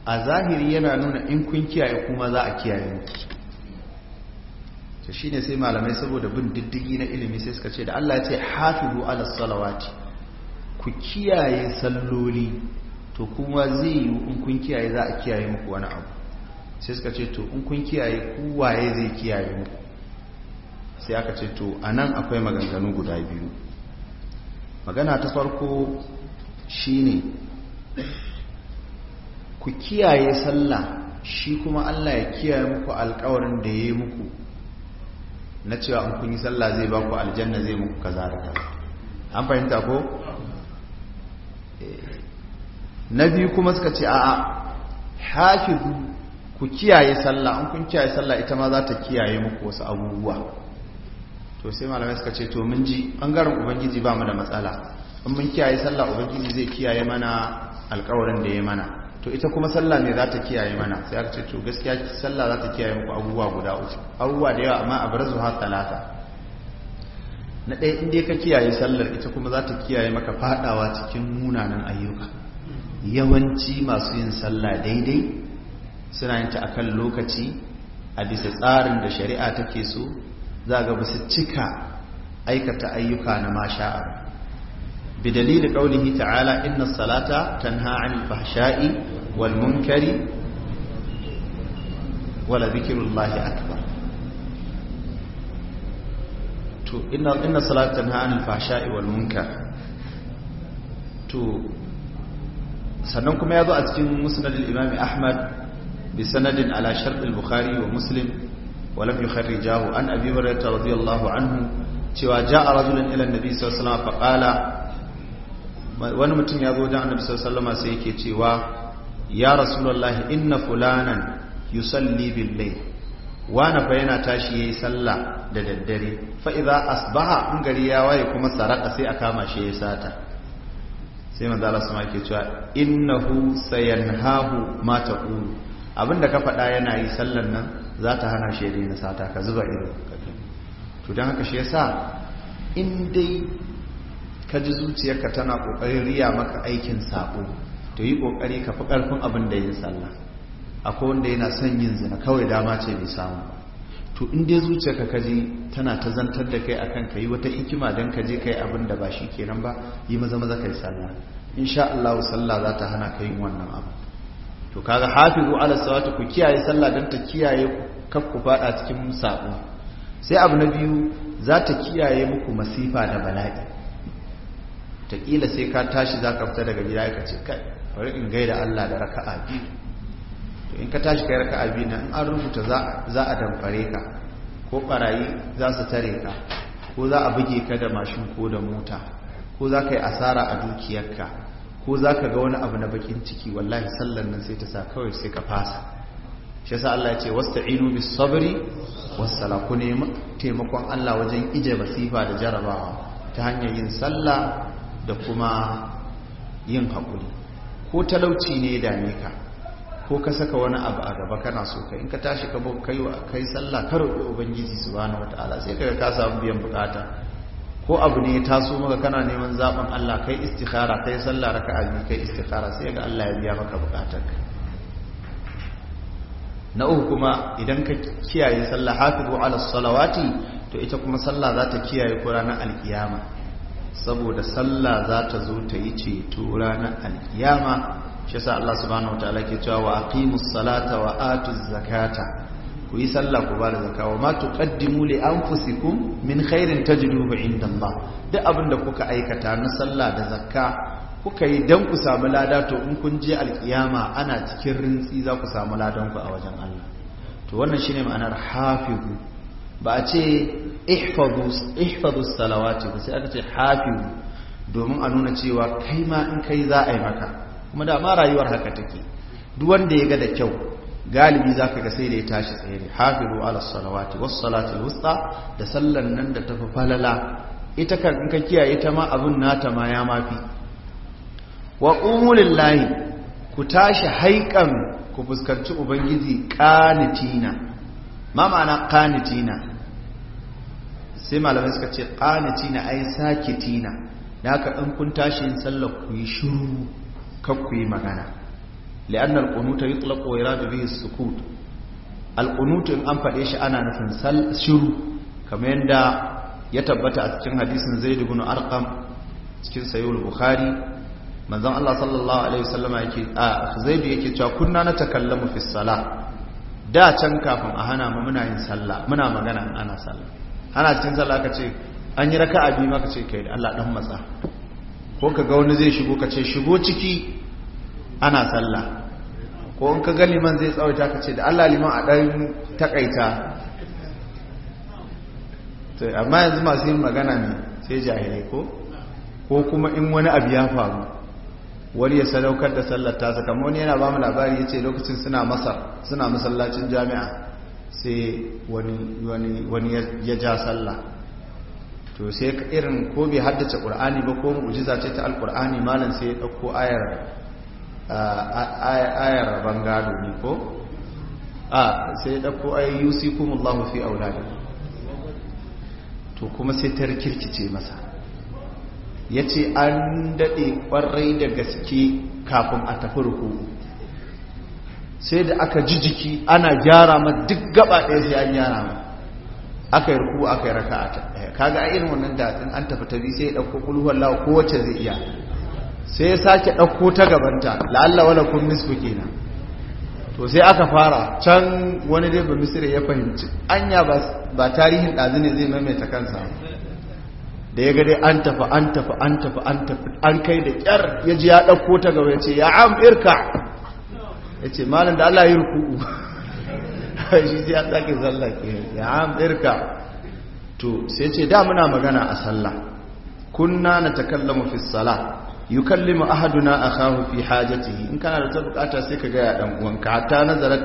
a zahiri yana nuna in kun kiyaye kuma za a kiyaye ki to shine sai malamai saboda bin diddigi na ilimi sai suka ce da Allah ya ce hafizu ala salawati ku kiyaye salloli to kuma zai yi in kun kiyaye za a kiyaye muku wani abu sai suka ce to in kun kiyaye ku waye zai kiyaye muku sai aka ce to anan akwai maganganu guda biyu magana ta farko shine ku kiyaye sallah shi kuma Allah ya kiyaye muku alƙawarin da ya yi muku na cewa in kun yi sallah zai ba ku aljanna zai muku kaza da kaza an fahimta ko eh. na biyu kuma suka ce a'a hafizu ku kiyaye sallah an kun kiyaye sallah ita ma za ta kiyaye muku wasu abubuwa to sai malamai suka ce to mun ji bangaren ubangiji ba mu da matsala in mun kiyaye sallah ubangiji zai kiyaye mana alkawarin da ya mana to ita kuma sallah ne za ta kiyaye mana sai aka ce to gaskiya sallah za ta kiyaye muku abubuwa guda uku abubuwa da yawa amma abrazu ha talata na ɗaya inda ka kiyaye sallar ita kuma za ta kiyaye maka fadawa cikin munanan ayyuka yawanci masu yin sallah daidai suna yin ta akan lokaci a bisa tsarin da shari'a take so za ga ba su cika aikata ayyuka na masha'a بدليل قوله تعالى إن الصلاة تنهى عن الفحشاء والمنكر ولذكر الله أكبر إن إن الصلاة تنهى عن الفحشاء والمنكر تو sannan kuma ya zo a cikin musnad al-imam Ahmad bi sanadin ala shart al wa Muslim wa lam yukharrijahu an Abi Hurairah radiyallahu anhu cewa ja'a rajulun ila an wani mutum ya zo wajen annabi sallallahu sai yake cewa ya rasulullah inna fulanan yusalli bil layl na fa yana tashi yayi sallah da daddare fa idza asbaha in gari ya waye kuma saraka sai a kama shi yayi sata sai manzo Allah sama yake cewa innahu sayanhahu ma taqul abinda ka faɗa yana yi sallan nan za ta hana shi ya daina sata ka zuba ido to dan haka shi yasa in dai ka ji zuciyarka tana ƙoƙarin riya maka aikin saƙo to yi ƙoƙari ka fi ƙarfin abin da yin sallah akwai wanda yana son yin zina kawai dama ce bai samu to in dai zuciyarka ka ji tana ta zantar da kai akan ka yi wata hikima don ka je kai abin da ba shi kenan ba yi maza maza kai sallah sha Allah sallah za ta hana ka yin wannan abu to kaga hafizu ala sawati ku kiyaye sallah don ta kiyaye kaf ku fada cikin sabo sai abu na biyu za ta kiyaye muku masifa da bala'i ta sai ka tashi za ka fita daga gida ka ce kai bari in gaida Allah da raka'a biyu to in ka tashi kai raka'a biyu nan an rubuta za a damfare ka ko barayi za su tare ka ko za a buge ka da mashin ko da mota ko za ka yi asara a dukiyarka ko za ka ga wani abu na bakin ciki wallahi sallan nan sai ta sa kawai sai ka fasa shi yasa Allah ya ce wasta'inu bis sabri wassala ku nemi taimakon Allah wajen ije masifa da jarabawa ta hanyar yin sallah da kuma yin haƙuri ko talauci ne da dame ka ko ka saka wani abu a gaba kana so ka in ka tashi ka bau kai kai sallah ka roƙi ubangiji subhanahu wataala sai kaga ka samu biyan bukata ko abu ne ya taso maka kana neman zaben Allah kai istikhara kai sallah raka'a biyu kai istikhara sai ga Allah ya biya maka ka na uku kuma idan ka kiyaye sallah hafizu ala salawati to ita kuma sallah za ta kiyaye ku ranar alkiyama saboda sallah za ta zo ta yi ceto ranar alkiyama shi sa Allah subhanahu wataala ke cewa wa aqimus salata wa atuz zakata ku yi sallah ku ba da zakka wa ma tuqaddimu li anfusikum min khairin tajiduhu inda Allah duk da kuka aikata na sallah da zakka kuka yi dan ku samu lada to in kun je alkiyama ana cikin rintsi za ku samu ladan ku a wajen Allah to wannan shine ma'anar hafizu ba a ce ihfazu salawati ba sai aka ce hafizu domin a nuna cewa kai ma in kai za a yi maka kuma da ma rayuwar haka take duk wanda ya ga da kyau galibi za ka ga sai da ya tashi tsaye ne hafizu ala salawati wasu salatu wusta da sallan nan da tafi falala ita kan in ka kiyaye ta ma abin nata ma ya mafi wa lillahi ku tashi haikan ku fuskanci ubangiji kanitina ma ma'ana kanitina sai malamai suka ce qanitina ai tina da haka in kun tashi yin sallar ku yi shuru kar ku yi magana li'an al-qunuta yutlaqu wa yuradu bihi as-sukut al-qunut in an fade shi ana nufin shiru kamar yadda ya tabbata a cikin hadisin Zaid ibn Arqam cikin sahih al-Bukhari manzon Allah sallallahu alaihi wasallama yake a Zaid yake cewa kunna na takallamu fi salah da can kafin a hana mu muna yin sallah muna magana ana sallah ana cikin sallah ka ce an yi raka'a biyu maka ce kai da Allah dan matsa ko ka ga wani zai shigo ka ce shigo ciki ana sallah ko in ka ga liman zai tsawaita ka ce da Allah liman a dan takaita to amma yanzu masu yin magana ne sai jahilai ko ko kuma in wani abu ya faru wani ya sadaukar da sallar tasa kamar wani yana ba mu labari ya ce lokacin suna masar suna masallacin jami'a sai wani ya ja sallah to sai irin ko bai haddace ƙur'ani ba ko mu'ujiza ce ta alƙur'ani malam sai ya ɗauko ayar bangado ne ko a sai ya ɗauko ayar yusi kuma Allah fi aulada to kuma sai ta rikirkice masa ya ce an daɗe ƙwarai da gaske kafin a tafi rukuku sai da aka ji jiki ana gyara ma duk gaba ɗaya sai an gyara ma aka yi ruku aka yi raka a ta ɗaya kaga irin wannan datin an tafi bi sai ya ɗauko kulhuwar lawa kowace zai iya sai ya sake ɗauko ta gabanta la'alla wala kun nisfu kenan to sai aka fara can wani dai ba misiri ya fahimci anya ba tarihin ɗazu ne zai maimaita kansa da ya dai an tafi an tafi an tafi an tafi an kai da kyar ya ji ya ɗauko ta gaba ya ce ya am irka ya ce malin da Allah yi ruku'u *laughs* shi sai a tsakin sallah ke ya am to sai ce da muna magana a sallah kunna na kalli fi sala na ahaduna akhahu fi hajjati in kana da ta bukata sai ka gaya dan uwanka hatta nazarat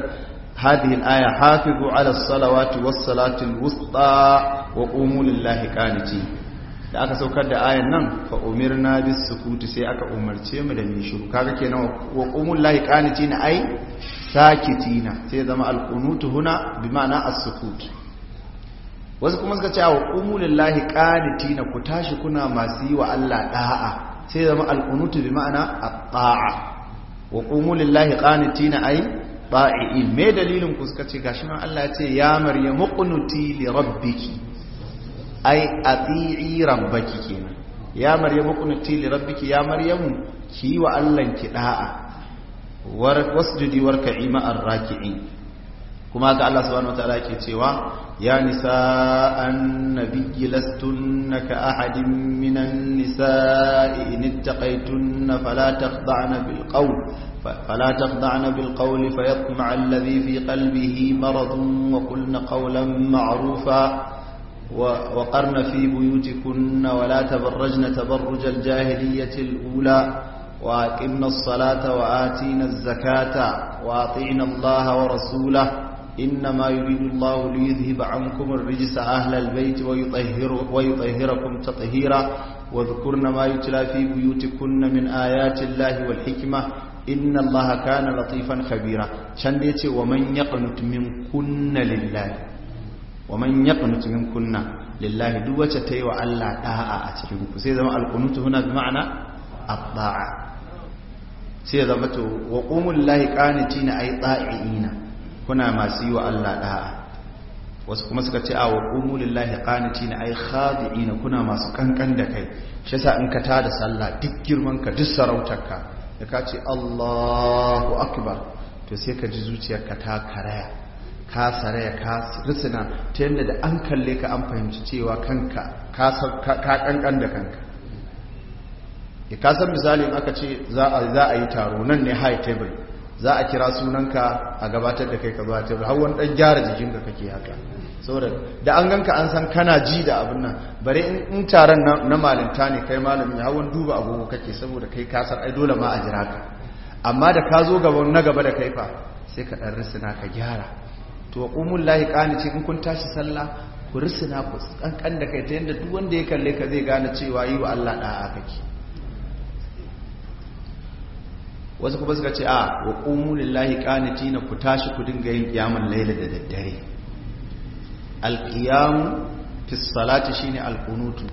هذه الآية حافظوا wasu salatin wusta wa وقوموا lahi kanici da aka saukar da ayan nan fa umirna bis sukuti sai aka umarce mu da mu shiru kaga kenan wa qumul lahi qanitina ai sakitina sai zama al qunutu huna bi ma'ana as sukut wasu kuma suka ce wa qumul lahi qanitina ku tashi kuna masu yi wa Allah da'a sai zama al qunutu bi ma'ana at ta'a wa qumul lahi qanitina ai ba'i me dalilin ku suka ce gashi nan Allah ya ce ya maryamu qunuti li rabbiki ai ati'i rabbaki kenan ya maryamu kunuti li rabbiki ya maryamu ki wa allan ki da'a war wasjudi warka'i ma'ar raki'in kuma ga Allah subhanahu wataala yake cewa ya nisa annabiyyi lastunna ka ahadin minan nisa'i in ittaqaytunna fala taqda'na bil qawl فلا تخضعن بالقول فيطمع fi في قلبه مرض وقلن قولا معروفا وقرن في بيوتكن ولا تبرجن تبرج الجاهلية الأولى وأقمن الصلاة وآتينا الزكاة وأطعنا الله ورسوله إنما يريد الله ليذهب عنكم الرجس أهل البيت ويطهر ويطهركم تطهيرا واذكرن ما يتلى في بيوتكن من آيات الله والحكمة إن الله كان لطيفا خبيرا شنديتي ومن يقنت منكن لله wa man yaqnutu min kunna lillahi duk wacce ta yi wa Allah da'a a cikin ku sai zama alqunutu huna bi ma'ana at sai zama to wa qumul lahi qanitina ay ta'iina kuna masu yi wa Allah da'a wasu kuma suka ce a wa qumul lillahi qanitina ay khadi'ina kuna masu kankan da kai shi yasa in ka tada sallah duk girman ka duk sarautarka da ka ce Allahu akbar to sai ka ji zuciyarka ta karaya ka saraya ka risina ta yadda da an kalle ka an fahimci cewa kanka ka kankan da kanka e ka san misalin aka ce za a yi taro nan ne high table za a kira sunanka a gabatar da kai ka zuwa table har wani dan gyara jikinka kake haka saboda da an ganka an san kana ji da abin nan bare in taron na malinta ne kai malamin. har wani duba agogo kake saboda kai kasar san ai dole ma a jira ka amma da ka zo gaban na gaba da kai fa sai ka dan risina ka gyara to wa ƙumun lahi ƙani in kun tashi sallah ku risina ku kankan da kai ta yadda duk wanda ya kalle ka zai gane cewa yi wa Allah aka kake wasu kuma suka ce a wa qumul lahi qanitina ku tashi ku dinga yin ƙiyamun laila da daddare al fi salati shine al alƙunutu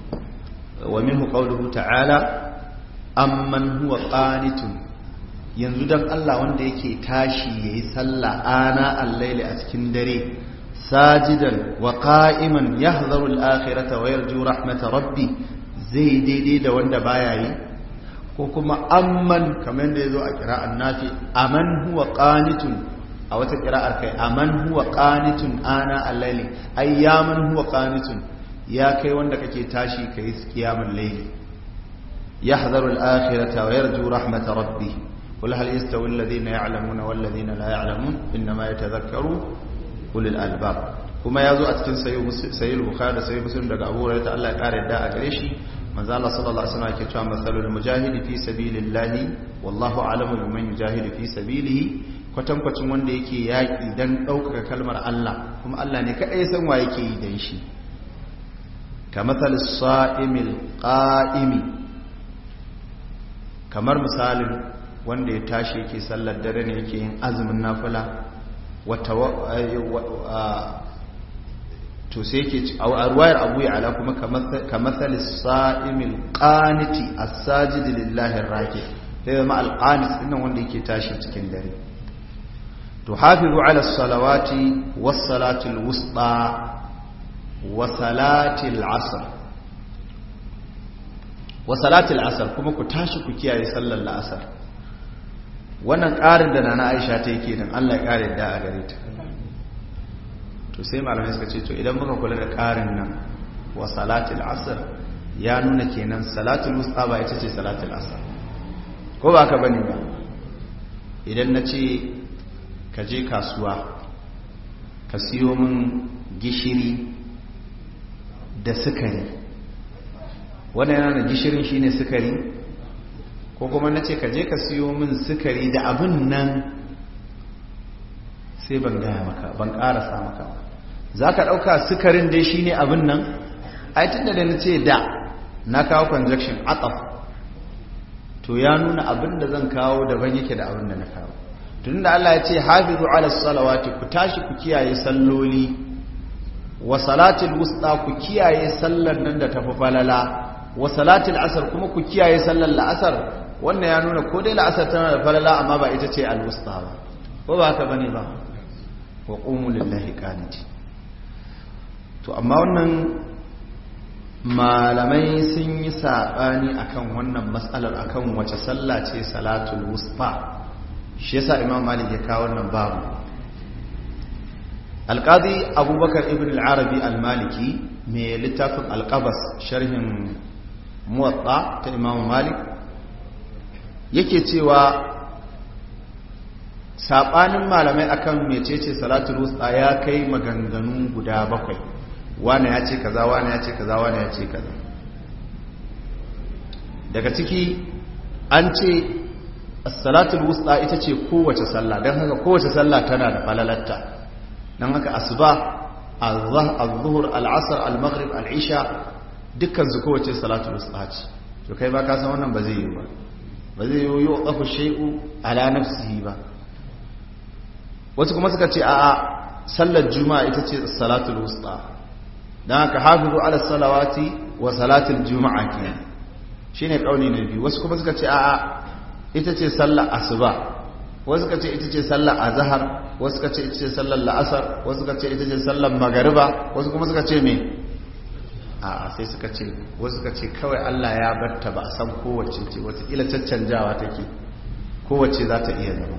wa minhu ta'ala amman huwa ƙanitun yanzu dan Allah wanda yake tashi yayi sallah ana al-laili a cikin dare sajidan wa qa'iman yahdharu al-akhirata wa yarju rahmata rabbi zai daidai da wanda baya yi ko kuma amman kamar da zo a qira'an nafi aman huwa qanitun a wata qira'ar kai aman huwa qanitun ana al-laili ayyaman huwa qanitun ya kai wanda kake tashi kai qiyamul layli yahdharu al-akhirata wa yarju rahmata rabbi قل هل يستوي الذين يعلمون والذين لا يعلمون إنما يتذكروا أولي الألباب kuma ya zo a cikin sayi bukhari da sayi muslim daga abu hurairah Allah ya kare da a gare shi manzo Allah sallallahu alaihi wasallam yake cewa masalul mujahidi fi sabilillahi wallahu a'lamu biman yujahidu fi sabilihi kwatankwacin wanda yake yaki dan ɗaukaka kalmar Allah kuma Allah ne kadai san wa yake yi dan shi kamathal sa'imil qa'imi kamar misalin wanda ya tashi yake sallar dare ne yake yin azumin nafila eh, to sai yake a ruwayar abu ya ala kuma ka matsali sa'imil qaniti as-sajid lillahi raki sai zama al-qanit dinnan wanda yake tashi cikin dare to hafizu ala as-salawati was wusta wa asr asr kuma ku tashi ku kiyaye sallar la'asar wannan ƙarin da nana aisha ta yi kenan allah ya ƙarin da a gare ta to sai malamai suka ce to idan muka kula da ƙarin nan wa salatul asar ya nuna kenan salatul wusta ba ita ce salatul asar. ko ba ka bane ba idan na ce ka je kasuwa ka siyo min gishiri da sukari wannan yana da gishirin shine sukari ko kuma na ce ka je ka siyo min sukari da abin nan sai ban gaya maka ban ƙarasa maka ba za ka ɗauka sukarin dai shi ne abin nan ai tun da na ce da na kawo conjunction aƙaf to ya nuna abin da zan kawo daban yake da abin da na kawo tun da Allah ya ce hafizu ala salawati ku tashi ku kiyaye salloli wa salatul wusta ku kiyaye sallar nan da tafi falala wa salatul asr kuma ku kiyaye sallar la'asar wannan ya nuna ko dai la'asar tana da falala amma ba ita ce alwusta ba ko ba haka bane ba wa qumu lillahi to amma wannan malamai sun yi saɓani akan wannan matsalar akan wace sallah ce salatul wusta shi yasa imam malik ya kawo wannan babu Alƙadi abubakar ibn al-arabi al-maliki mai littafin alƙabas sharhin muwatta ta imam malik yake cewa saɓanin malamai akan mecece salatul wusta ya kai maganganu guda bakwai wane ya ce kaza wane ya ce kaza wane ya ce kaza daga ciki an ce salatul wusta ita ce kowace sallah don haka kowace sallah tana da falalatta don haka asuba al-zuhur al-asr al-maghrib al-isha dukkan su kowace salatul wusta ce to kai ba ka san wannan ba zai yi ba ba zai yi yau ƙafa shaiku ala nafsihi ba wasu kuma suka ce a sallar juma'a ita ce salatul wusta don haka hafizu ala salawati wa salatul juma'a ke shi ne ƙauni na biyu wasu kuma suka ce a ita ce sallar asuba wasu suka ce ita ce sallar azahar wasu suka ce ita ce sallar la'asar wasu suka ce ita ce sallar magariba wasu kuma suka ce me a sai suka ce wasu suka ce kawai Allah ya barta ba a san kowace ce wata ila caccanjawa take kowace za ta iya zama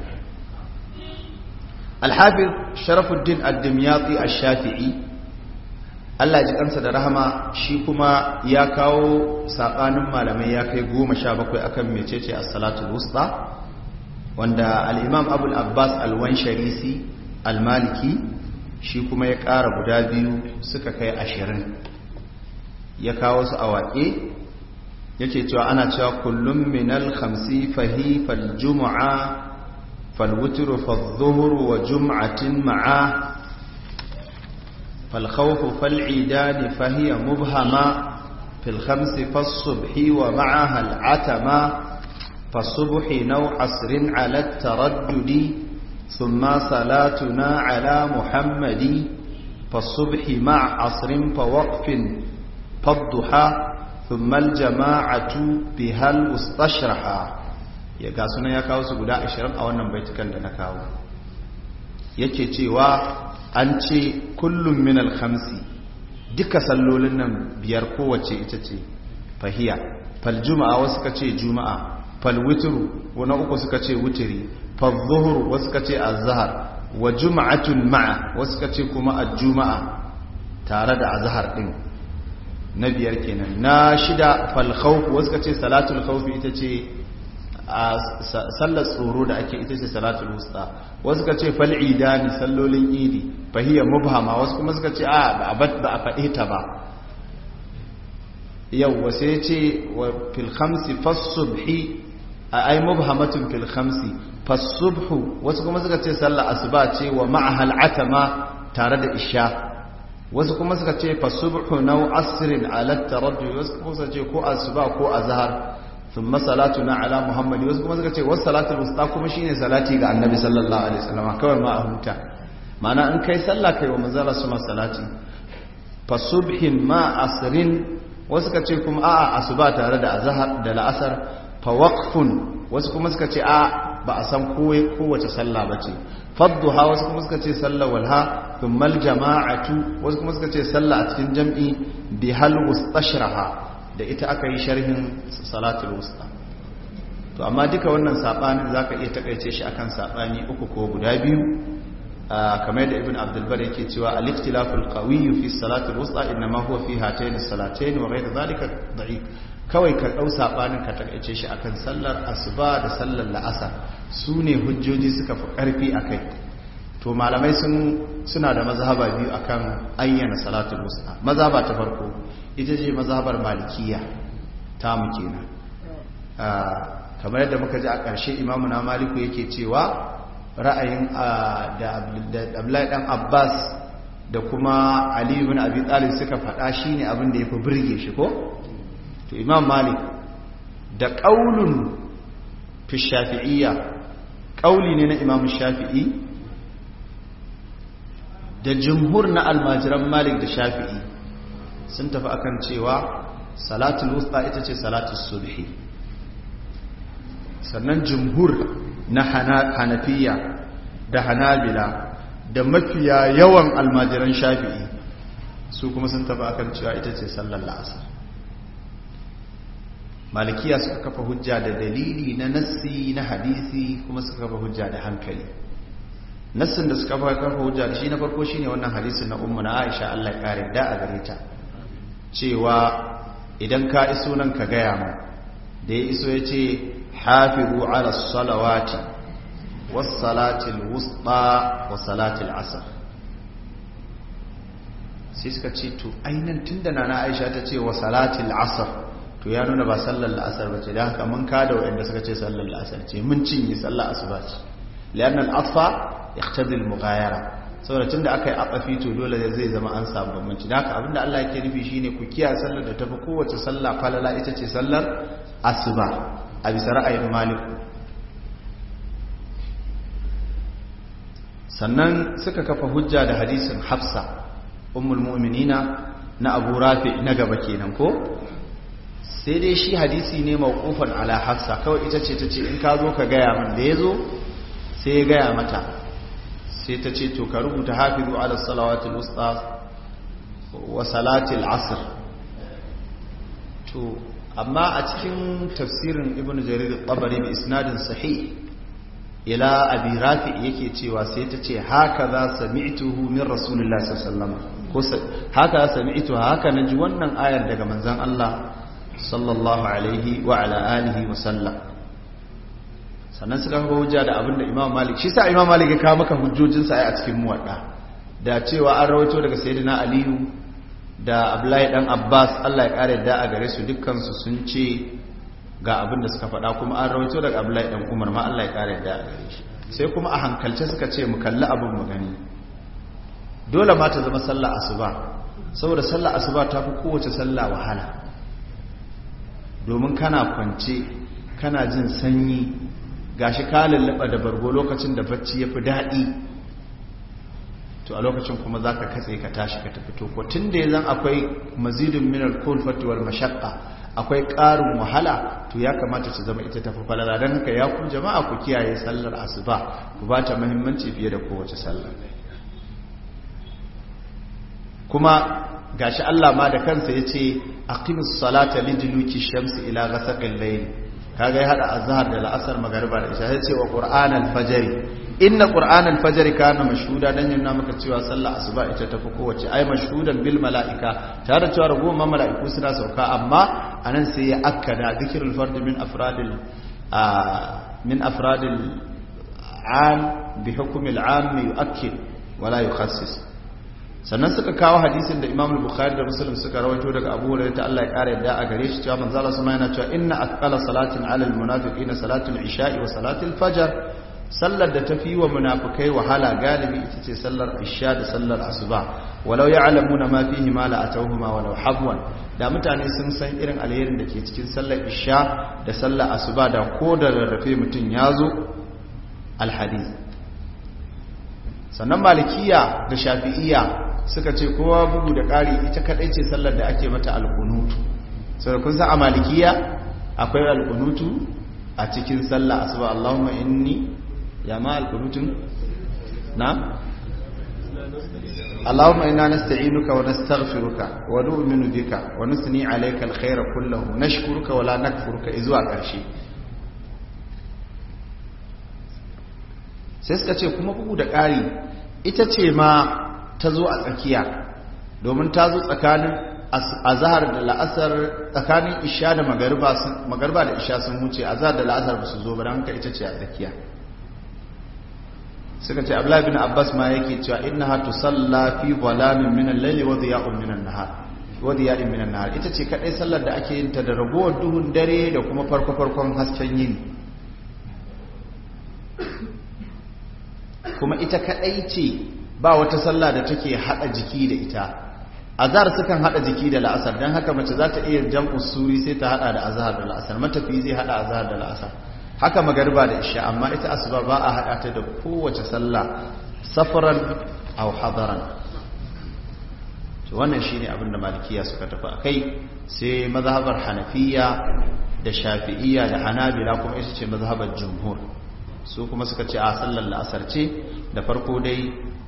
alhafi sharafuddin addimyatsi a shafi'i Allah ji kansa da rahama shi kuma ya kawo saɓanin malamai ya kai goma sha bakwai akan mecece a salatu rusta wanda al'imam abul abbas alwan sharisi almaliki shi kuma ya ƙara guda biyu suka kai ashirin ya kawo su a waƙe yake cewa ana cewa kullum minal khamsi fahi fal jumu'a fal wa jum'atin ma'a fal khawfu fal idani fahiya mubhama fil khamsi wa ma'aha al atama فالصبح نوع عصر على التردد ثم صلاتنا على محمد فالصبح مع عصر فوقف fadduha thumma aljama'atu bihal ustashraha ya ga sunan ya kawo su guda 20 a wannan baitukan da na kawo yake cewa an ce kullum min al-khamsi duka sallolin nan biyar kowace ita ce fahiya fal juma'a wasu ka ce juma'a fal witru wani uku suka ce wutiri fal zuhur wasu ka ce azhar wa juma'atun ma'a wasu ka ce kuma a juma'a tare da azhar din na biyar kenan na shida falkhawf wasu ka ce salatul khawf ita ce a sallar tsoro da ake ita ce salatul wusta wasu ka ce kace fal'idani sallolin idi fahiya mubhama wasu kuma suka ce a ba a faɗe ta ba yau wasu ya ce wa fil khamsi a ai mubhamatun fil khamsi fasubhu wasu kuma suka ce sallar asuba ce wa ma'ahal atama tare da isha wasu kuma suka ce fa subhu naw asrin ala taraddud wasu kuma suka ce ko asuba ko azhar thumma salatuna ala muhammad wasu kuma suka ce was salatul wusta kuma shine salati ga annabi sallallahu alaihi wasallam kawai ma a huta ma'ana in kai sallah kai wa manzala su salati fa subhin ma asrin wasu suka ce kuma a'a asuba tare da azhar da la'asar fa waqfun wasu kuma suka ce a ba a san kowace sallah ba ce ha wasu kuma suka ce sallah walha thummal jama'atu wasu kuma suka ce sallah a cikin jam'i bi hal wustashraha da ita aka yi sharhin salatul wusta to amma duka wannan sabanin zaka iya takaice shi akan sabani uku ko guda biyu kamar da ibn abdul bar yake cewa al-ikhtilafu al-qawi fi salatul wusta inma huwa fi hatayn salatayn wa ghayr dhalika da'if kawai ka ɗau saɓanin ka taƙaice shi akan sallar asuba da sallar la'asa su ne hujjoji suka fi ƙarfi a kai to malamai suna da mazhaba biyu akan ayyana salatul Maza mazhaba ta farko ita ce mazhabar malikiya ta mu kenan kamar yadda muka ji a ƙarshe imamu na maliku yake cewa ra'ayin da abdullahi dan abbas da kuma Aliyu ibn abi talib suka faɗa shine abin da ya fi burge shi ko to imam malik da ƙaulun fi shafi'iyya ƙauli ne na imam shafi'i da jimhur na almajiran malik da shafi'i sun tafi akan cewa salatul wusta ita ce salatul sulhi. sannan jimhur na hanafiya da hanabila da mafiya yawan almajiran shafi'i su kuma sun tafi akan cewa ita ce sallar la'asar malikiya suka kafa hujja da dalili na nassi na hadisi kuma suka kafa hujja da hankali nassin da suka kafa hujja da shi na farko shine wannan hadisin na ummu na Aisha Allah ya kare da a gare ta cewa idan ka iso nan ka gaya mu da ya iso ya ce hafizu ala salawati was salatil wusta was salatil asr sai suka ce to ainin tunda nana Aisha ta ce was salatil asr to ya nuna ba sallar la'asar ba ce da haka mun kada waɗanda suka ce sallar la'asar ce mun cinye sallar asuba ce liyan afa ya tazil mugayara saboda tun da aka yi atsafi to dole zai zama an samu bambanci da haka abinda Allah ya yake nufi ne ku kiya sallar da tafi kowace sallar falala ita ce sallar asuba a bisa ra'ayin maliku sannan suka kafa hujja da hadisin hafsa ummul mu'minina na abu rafi na gaba kenan ko sai dai shi hadisi ne mawqufan ala hafsa kawai ita ce tace in ka zo ka gaya min da yazo sai ya gaya mata sai ta ce to ka rubuta hafizu ala salawati al-wusta wa salati al-asr to amma a cikin tafsirin ibnu jarir al-tabari bi isnadin sahih ila abi rafi yake cewa sai ta ce haka za sami'tuhu min rasulullahi sallallahu alaihi wasallam ko haka sami'tu haka naji wannan ayar daga manzon Allah sallallahu alaihi wa ala alihi wa sallam sannan suka kafa hujja da abin da imam malik shi sa imam malik ya kawo maka hujjojin sa a cikin muwadda da cewa an rawaito daga sayyidina aliyu da abdullahi dan abbas Allah ya kare da a gare su dukkan su sun ce ga abin da suka faɗa kuma an rawaito daga abdullahi dan umar ma Allah ya kare da a gare shi sai kuma a hankalce suka ce mu kalli abin mu gani dole ma ta zama sallah asuba saboda sallah asuba ta fi kowace sallah wahala domin kana kwance kana jin sanyi gashi ka lallaɓa da bargo lokacin da bacci ya fi daɗi to a lokacin kuma za ka katse ka tashi ka tafi to kwatin da ya zan akwai mazidin minar kulfatuwar mashakka akwai ƙarin wahala to ya kamata ta zama ita tafi falala don haka ya kun jama'a ku kiyaye sallar asuba ku ba ta muhimmanci fiye da kowace sallar kuma gashi Allah ma da kansa ya ce aqimis salata lidluki shamsi ila ghasaqil layl kaga ya hada azhar da la'asar magariba da isha sai ce wa qur'anal fajr inna qur'anal fajr kana mashhuda dan yana maka cewa sallar asuba ita tafi kowace ai mashhudan bil malaika tare cewa ragowar mala'iku suna sauka amma anan sai ya akkada dhikrul fard min afradil min afradil an bi hukmi al am yu'akkid wala yukhassis sannan suka kawo hadisin da Imam Bukhari da Muslim suka rawaito daga Abu da ta Allah ya kare yadda a gare shi cewa manzo Allah sama yana cewa inna athqala salatin 'ala al-munafiqin salatul isha'i wa salatul fajr sallar da tafi wa munafikai wahala galibi ita ce sallar isha da sallar asuba walau ya'lamuna ma fihi ma la atawhuma walau da mutane sun san irin alherin da ke cikin sallar isha da sallar asuba da ko da rarrafe mutun yazo alhadith sannan malikiya da shafi'iya suka ce kowa bugu da ƙari ita kaɗai ce sallar da ake mata alkunutu sau sa a malikiya akwai alkunutu a cikin sallah asuba allahumma inni ya ma alkunutun na allahumma inna nasta'inuka wa wani suni nu'minu bika wa kullum na shi kullahu wala wa la izu izuwa ƙarshe sai suka ce kuma bugu da ƙari ita ce ma ta zo a tsakiya domin ta zo tsakanin azhar da la'asar tsakanin isha da magariba da isha sun huce azhar da la'asar ba su zo ba don ka ita ce a tsakiya suka ce abdullahi bin abbas ma yake cewa hatu salla fi dhalamin min al-layli wa dhiya'un min an-nahar wa dhiya'in min an-nahar ita ce kadai sallar da ake yin ta da ragowar duhun dare da kuma farko farkon hasken yini kuma ita kadai ce ba wata sallah da take hada jiki da ita azhar sukan hada jiki da la'asar dan haka mace za ta iya jam'u suri sai ta hada da azhar da la'asar matafi zai hada azhar da la'asar haka magariba da isha amma ita asuba ba a hada ta da kowace sallah safaran aw hadaran to wannan shine abin da malikiya suka tafi akai sai mazhabar hanafiya da shafi'iyya da hanabila kuma ita ce mazhabar jumhur su kuma suka ce a sallar la'asar ce da farko dai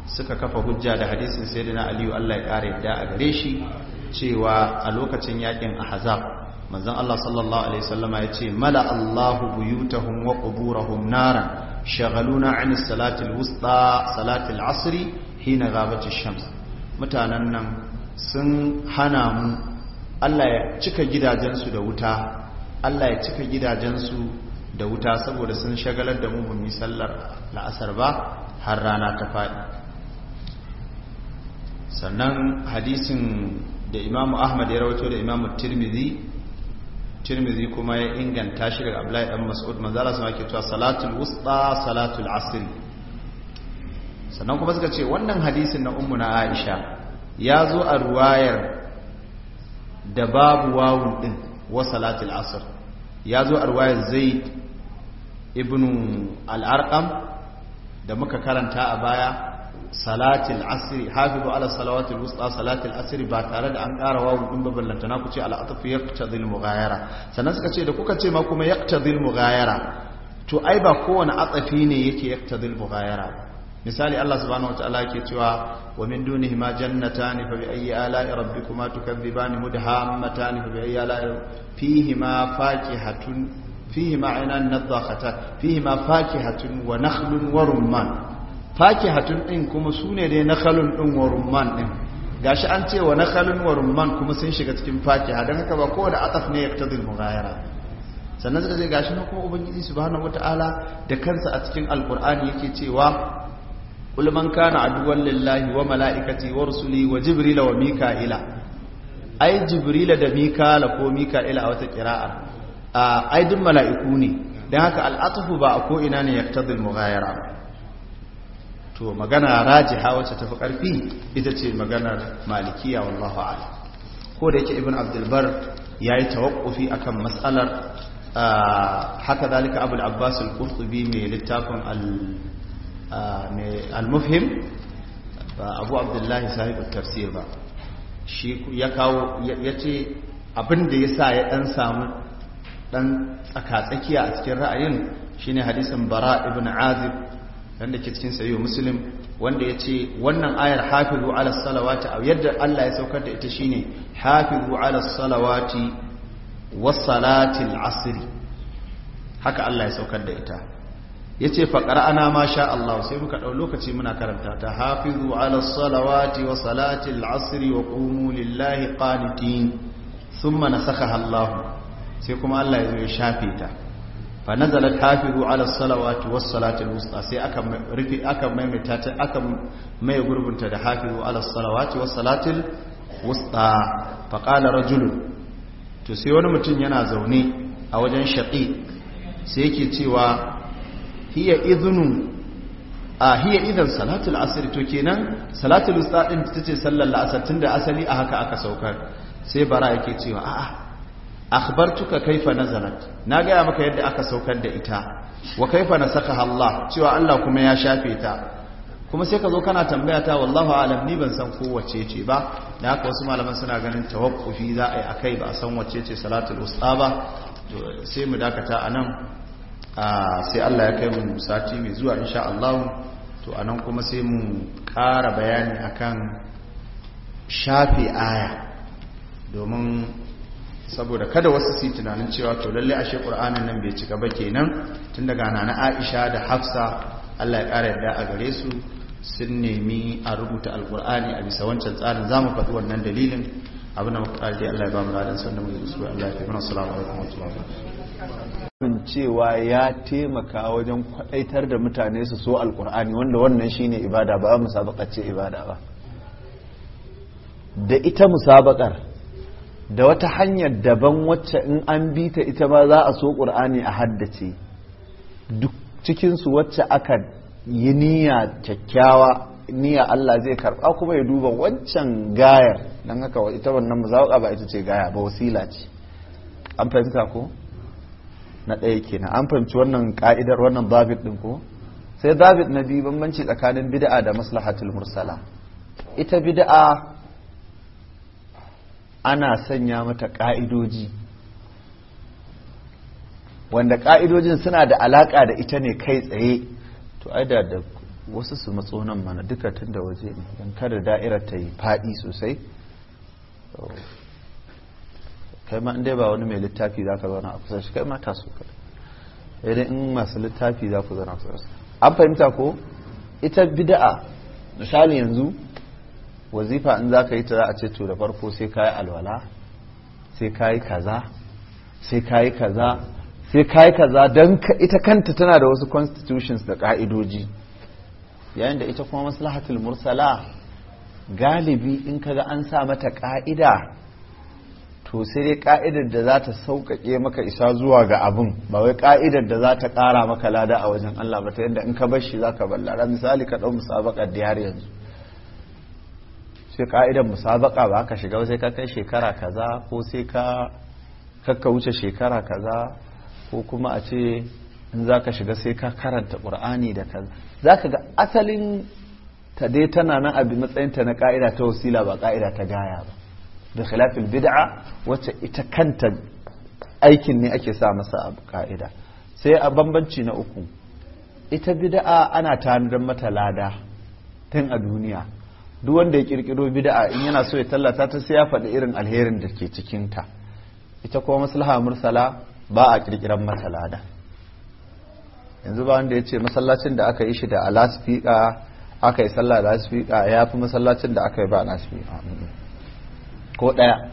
suka kafa hujja da hadisin sayyidina aliyu Allah ya kare da a gare shi cewa a lokacin yakin ahzab manzon Allah sallallahu alaihi wasallama yace mala Allahu buyutahum wa quburahum nara shagaluna an salati alwusta salati alasr hina ghabati shams mutanan nan sun hana mu Allah ya cika gidajensu da wuta Allah ya cika gidajensu da wuta saboda sun shagalar da mu sallar la'asar ba har rana ta faɗi sannan hadisin da imamu ahmad ya rawaito da imamu tirmidhi tirmidhi kuma ya inganta shi daga abdullahi dan mas'ud manzo sama ke cewa salatul wusta salatul asr sannan kuma suka ce wannan hadisin na ummu na aisha ya zo a ruwayar da babu wawun din wa salatul asr ya zo a ruwayar zaid ibn al-arqam da muka karanta a baya salatil asri hafizu ala salawatil wusta salatil asri ba tare da an ƙara wawu ba baballanta na ku ce al'atfu yaqtadil mughayara sannan suka ce da kuka ce ma kuma yaqtadil mughayara to ai ba kowane atsafi ne yake yaqtadil mughayara ba misali Allah subhanahu wataala yake cewa wa min dunihi ma jannatani fa bi ayyi ala'i rabbikuma tukadhibani mudhammatani fa bi ayyi ala'i fihima fakihatun fihima 'aynan nadhakhatan fihima fakihatun wa nakhlun wa rumman hatun din kuma sune dai nakhalun din warumman din gashi an cewa wa nakhalun wa kuma sun shiga cikin fakiha dan haka ba kowane ataf ne yaqtadil mugayara. sannan suka ce gashi kuma ubangiji subhanahu wataala da kansa a cikin alqur'ani yake cewa lillahi wa mala'ikati wa rusuli wa Jibrila wa mika'ila ai jibrila da mika'ila ko mika'ila a wata kira'a ai duk mala'iku ne don haka al'atufu ba a ko'ina ne ya mugayara. to magana rajiha wacce tafi ƙarfi ita ce maganar malikiya wallahu a'lam ko da yake ibn ya yi yayi a kan matsalar haka zalika abul abbas al-qurtubi mai littafin al-mufhim ba abu abdullahi sahib tafsir ba shi ya kawo yace abin da sa ya ɗan samu ɗan tsaka tsakiya a cikin ra'ayin shine hadisin bara ibn azib dan da ke cikin sayo muslim wanda yace wannan ayar hafizu ala salawati a yadda Allah ya saukar da ita shine hafizu ala salawati was salatil asr haka Allah ya saukar da ita yace fa qara'ana ma sha Allah sai muka dau lokaci muna karanta ta hafizu ala salawati wa salatil asr wa qumu lillahi qanitin thumma nasakha Allah sai kuma Allah ya zo ya shafe ta fa nazalat hafizu ala salawati was salatil wusta sai aka rufe aka maimaita ta aka mai gurbunta da hafizu ala salawati was salatil wusta fa qala to sai wani mutum yana zaune a wajen shaqiq sai yake cewa hiya idhnu a hiya idan salatul asr to kenan salatul wusta din tace sallar la'asar tunda asali a haka aka saukar sai bara yake cewa a'a akhbartuka kaifa nazalat na gaya maka yadda aka saukar da ita wa kaifa nasakaha Allah cewa Allah kuma ya shafe ta kuma sai ka zo kana tambaya ta wallahu alam ni ban san ko wacece ce ba da haka wasu malaman suna ganin tawaqqufi za a yi akai ba a san wace ce salatul usta ba sai mu dakata anan sai Allah ya kai mu sati mai zuwa insha Allah to anan kuma sai mu kara bayani akan shafe aya domin saboda kada wasu su tunanin cewa to lalle ashe qur'anin nan bai cika ba kenan tun daga nana Aisha da Hafsa Allah ya kara yadda a gare su sun nemi a rubuta alqur'ani a bisa wancan tsarin zamu faɗi wannan dalilin abin da muka dai Allah ya ba mu ladan sannan mu su Allah ya mana salamu alaikum wa rahmatullahi cewa ya taimaka wajen kwadaitar da mutane su so alqur'ani wanda wannan shine ibada ba musabaqar ce ibada ba da ita musabaqar da wata hanyar daban wacce in an bi ta ita ma za a so ƙur'ani a haddace duk cikinsu wacce aka yi niyya kyakkyawa niyya Allah zai karɓa kuma ya duba wancan gayar don haka ita wannan mazawaƙa ba ita ce gaya ba wasila ce an fahimta ko na ɗaya kenan an fahimci wannan ka'idar wannan babit ɗin ko sai babit na biyu bambanci tsakanin bida'a da maslahatul mursala ita bid'a ana sanya mata ƙa'idoji wanda ƙa'idojin suna da alaƙa da ita ne kai tsaye to aida da wasu su matso nan mana duka tun da waje ne don kada da'irar ta yi faɗi sosai kai ma inda ba wani mai littafi za ka zauna a kusa shi kai ma so kai idan in masu littafi za ku zauna a kusa an fahimta ko ita bida'a misali yanzu wazifa in za ka yi ta za a ce to da farko sai ka yi alwala sai ka yi kaza sai ka yi kaza sai ka yi kaza don ita kanta tana da wasu constitutions da ka'idoji yayin da ita kuma maslahatul mursala galibi in kaga an sa mata ka'ida to sai dai ka'idar da za ta sauƙaƙe maka isa zuwa ga abin ba wai ka'idar da za ta ƙara maka lada a wajen Allah ba ta yadda in ka bar shi za ka ballara misali ka ɗau musabaƙar diyar har yanzu sai ka'idar musabaka ba ka shiga sai ka kai shekara kaza ko sai ka kakka wuce shekara kaza ko kuma a ce in za ka shiga sai ka karanta ƙur'ani da kaza za ka ga asalin ta dai tana nan abin matsayinta na kaida ta wasila ba ƙa'ida ta gaya ba da khilafin bid'a wacce ita kanta aikin ne ake sa masa abu ka'ida sai a bambanci na uku ita bid'a ana tanadar mata lada tun a duniya duk wanda ya kirkiro bid'a in yana so ya tallata ta sai ya faɗi irin alherin da ke cikin ta ita kuma maslaha mursala ba a kirkiran mata lada yanzu ba wanda ya ce masallacin da aka yi shi da alasfika aka yi sallah da alasfika ya fi masallacin da aka yi ba alasfika ko ɗaya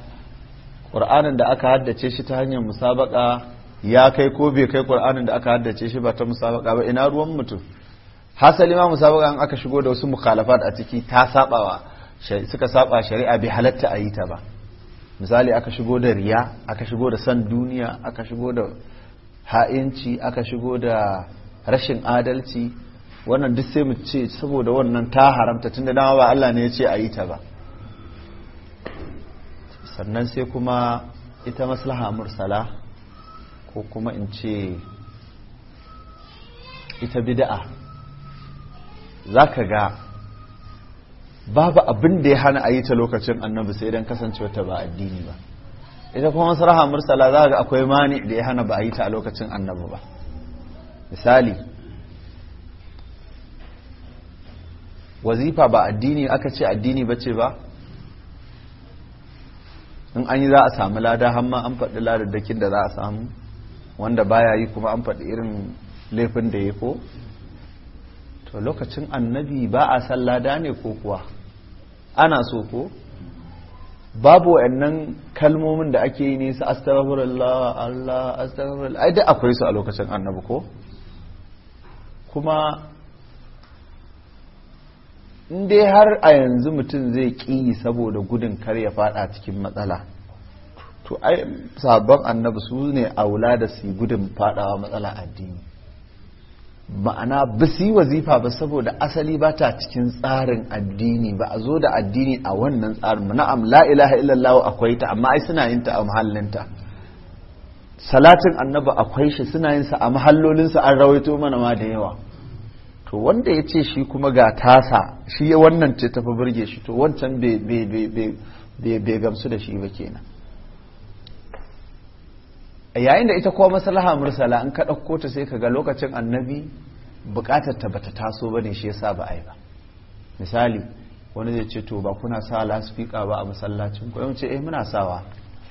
ƙur'anin da aka haddace shi ta hanyar musabaka ya kai ko bai kai ƙur'anin da aka haddace shi ba ta musabaka ba ina ruwan mutum hasali ma musabaka an aka shigo da wasu mukhalafat a ciki ta sabawa suka saba shari'a bi halatta a yi ta ba misali aka shigo da riya aka shigo da san duniya aka shigo da ha'inci aka shigo da rashin adalci wannan duk sai mu ce saboda wannan ta haramta tunda dama ba Allah ne ya ce a yi ta ba sannan sai kuma ita maslaha mursala ko kuma in ce ita bida'a. za ka ga babu abin da ya hana a yi ta lokacin annabi sai dan kasancewa ta ba addini ba ita kuma masraha mursala za ga akwai mani da ya hana ba a yi ta a lokacin annabi ba misali wazifa ba addini aka ce addini ba ce ba in an yi za a samu lada hamma an faɗi ladar da za a samu wanda baya yi kuma an faɗi irin laifin da ya ko to lokacin annabi ba a sallada ne ko kuwa ana so ko babu wa'annan kalmomin da ake yi ne su astaghfirullah Allah astaghfirullah ai da akwai su a lokacin annabi ko kuma in dai har a yanzu mutum zai ƙi saboda gudun kar ya fada cikin matsala to ai sabon annabi su ne aula da su gudun fadawa matsala addini ma'ana ba su yi wazifa ba saboda asali ba ta cikin tsarin addini ba a zo da addini a wannan tsarin na'am la ilaha illallah akwai ta amma ai suna yin ta a mahallinta salatin annabi akwai shi suna yin sa a mahallolinsa an rawaito mana ma da yawa to wanda ya ce shi kuma ga tasa shi wannan ce tafi burge shi to wancan bai gamsu da shi ba kenan yayin da ita kuwa masalaha mursala in ka ɗauko ta sai ka ga lokacin annabi buƙatar ta bata taso ne shi yasa ba yi ba misali wani zai ce to ba kuna sa lasfika ba a masallacin ku yawanci eh muna sawa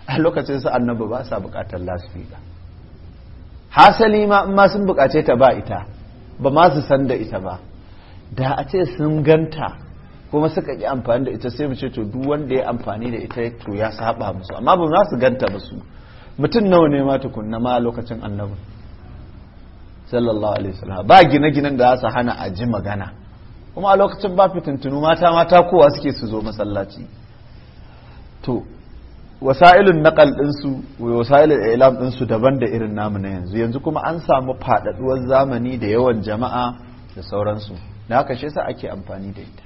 a lokacin sa annabi ba sa buƙatar lasfika hasali ma in ma sun buƙace ta ba ita ba ma su san da ita ba da a ce sun ganta kuma suka ƙi amfani da ita sai mu ce to duk wanda ya amfani da ita to ya saba musu amma ba za su ganta ba su mutum nawa ne ma tukunna ma lokacin annabi sallallahu alaihi wasallam ba gine-ginen da za hana a ji magana kuma a lokacin ba fitintunu mata mata kowa suke su zo masallaci to wasailun naqal ɗinsu wasailun ilam ɗinsu daban da irin namu na yanzu yanzu kuma an samu faɗaɗuwar zamani da yawan jama'a da sauransu da haka shi yasa ake amfani da ita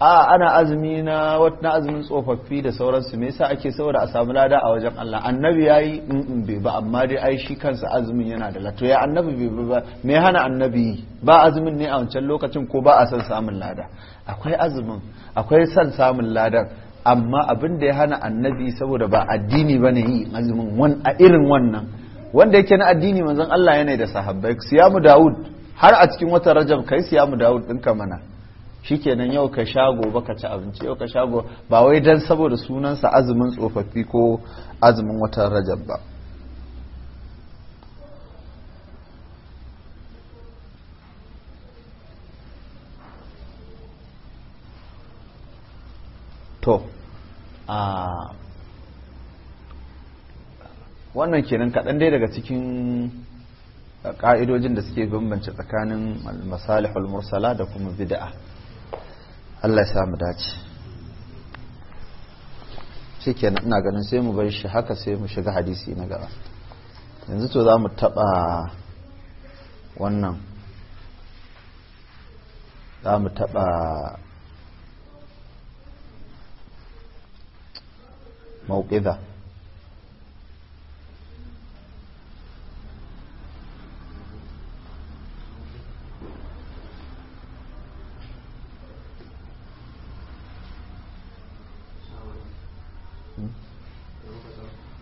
a ana azumi na wata azumin tsofaffi da sauransu me yasa ake saboda a samu lada a wajen Allah annabi yayi in bai ba amma dai ai shi kansa azumin yana da lato ya annabi bai ba me hana annabi ba azumin ne a wancan lokacin ko ba a san samun lada akwai azumin akwai san samun ladan amma abin da ya hana annabi saboda ba addini bane yi azumin a irin wannan wanda yake na addini manzon Allah yana da sahabbai siyamu Dawud har a cikin watan Rajab kai siyamu Dawud ka mana shikenan yau ka sha gobe ka ci abinci yau ka sha ba wai dan saboda sunansa azumin tsofaffi ko azumin watan rajab ba to a wannan kenan kaɗan dai daga cikin ƙa'idojin da suke bambance tsakanin masalihul mursala da kuma bid'a Allah ya mu dace ke ina ganin sai mu bar shi haka sai mu shiga hadisi na gaba yanzu to za mu taɓa wannan za mu taɓa mauƙiza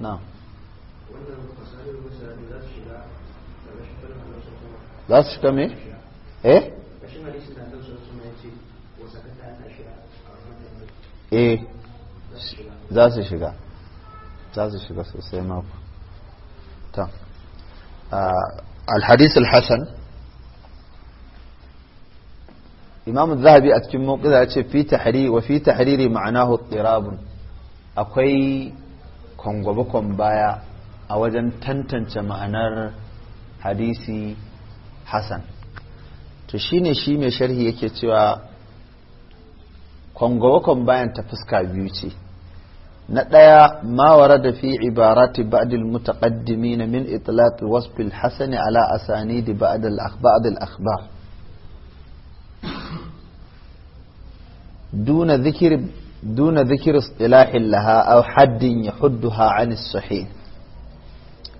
نعم لا تشتم ايه ايه ذات الشجاع ذات الشجاع سيما تمام الحديث الحسن امام الذهبي اتكلم موقعه في تحرير وفي تحريري معناه اضطراب اكو kwangwabakon baya a wajen tantance ma'anar hadisi Hassan to shine shi mai sharhi yake cewa kwangwabakon bayan ta fuska biyu ce na ɗaya ma warada fi ibarati ba'dil na min itlaq wasfil hasani ala asanidi ba'd al akhbar duna dhikri دون ذكر اصطلاح لها أو حد يحدها عن الصحيح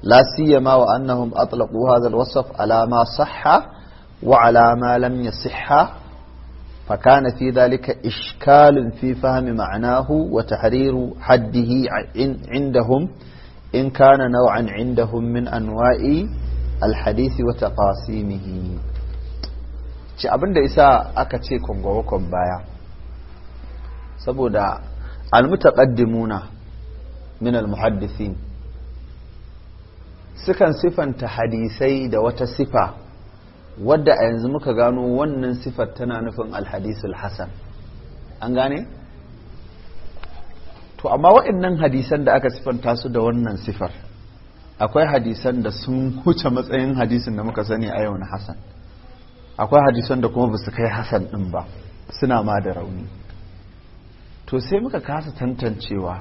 لا سيما وأنهم أطلقوا هذا الوصف على ما صح وعلى ما لم يصح فكان في ذلك إشكال في فهم معناه وتحرير حده عندهم إن كان نوعا عندهم من أنواع الحديث وتقاسيمه abin da isa aka ce saboda almutaqaddimuna min almuhaddisin sukan sifanta hadisai da wata sifa wadda a yanzu muka gano wannan sifar tana nufin alhadisul hasan an gane to amma waɗannan hadisan da aka sifanta su da wannan sifar akwai hadisan da sun huce matsayin hadisin da muka sani a yau na hasan akwai hadisan da kuma ba su kai hasan ɗin ba suna ma da rauni to sai muka kasa tantancewa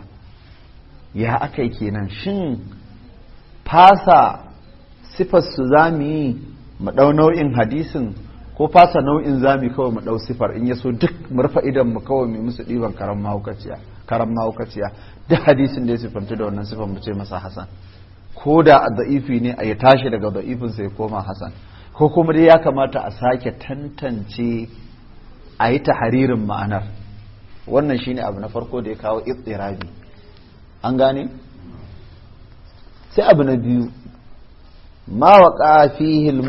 ya aka yi kenan shin fasa sifar za mu yi mu ɗau nau'in hadisin ko fasa nau'in za kawai mu ɗau sifar in ya so duk mu idan mu kawai mu musu ɗiban karan mahaukaciya duk hadisin da ya sifanta da wannan sifar mu ce masa hasan ko da a da'ifi ne a ya tashi daga za'ifinsa ya koma hasan ko kuma dai ya kamata a sake tantance a yi taharirin ma'anar wannan shine abu na farko da ya kawo itsirabi an gane sai abu na biyu ma waqa fihi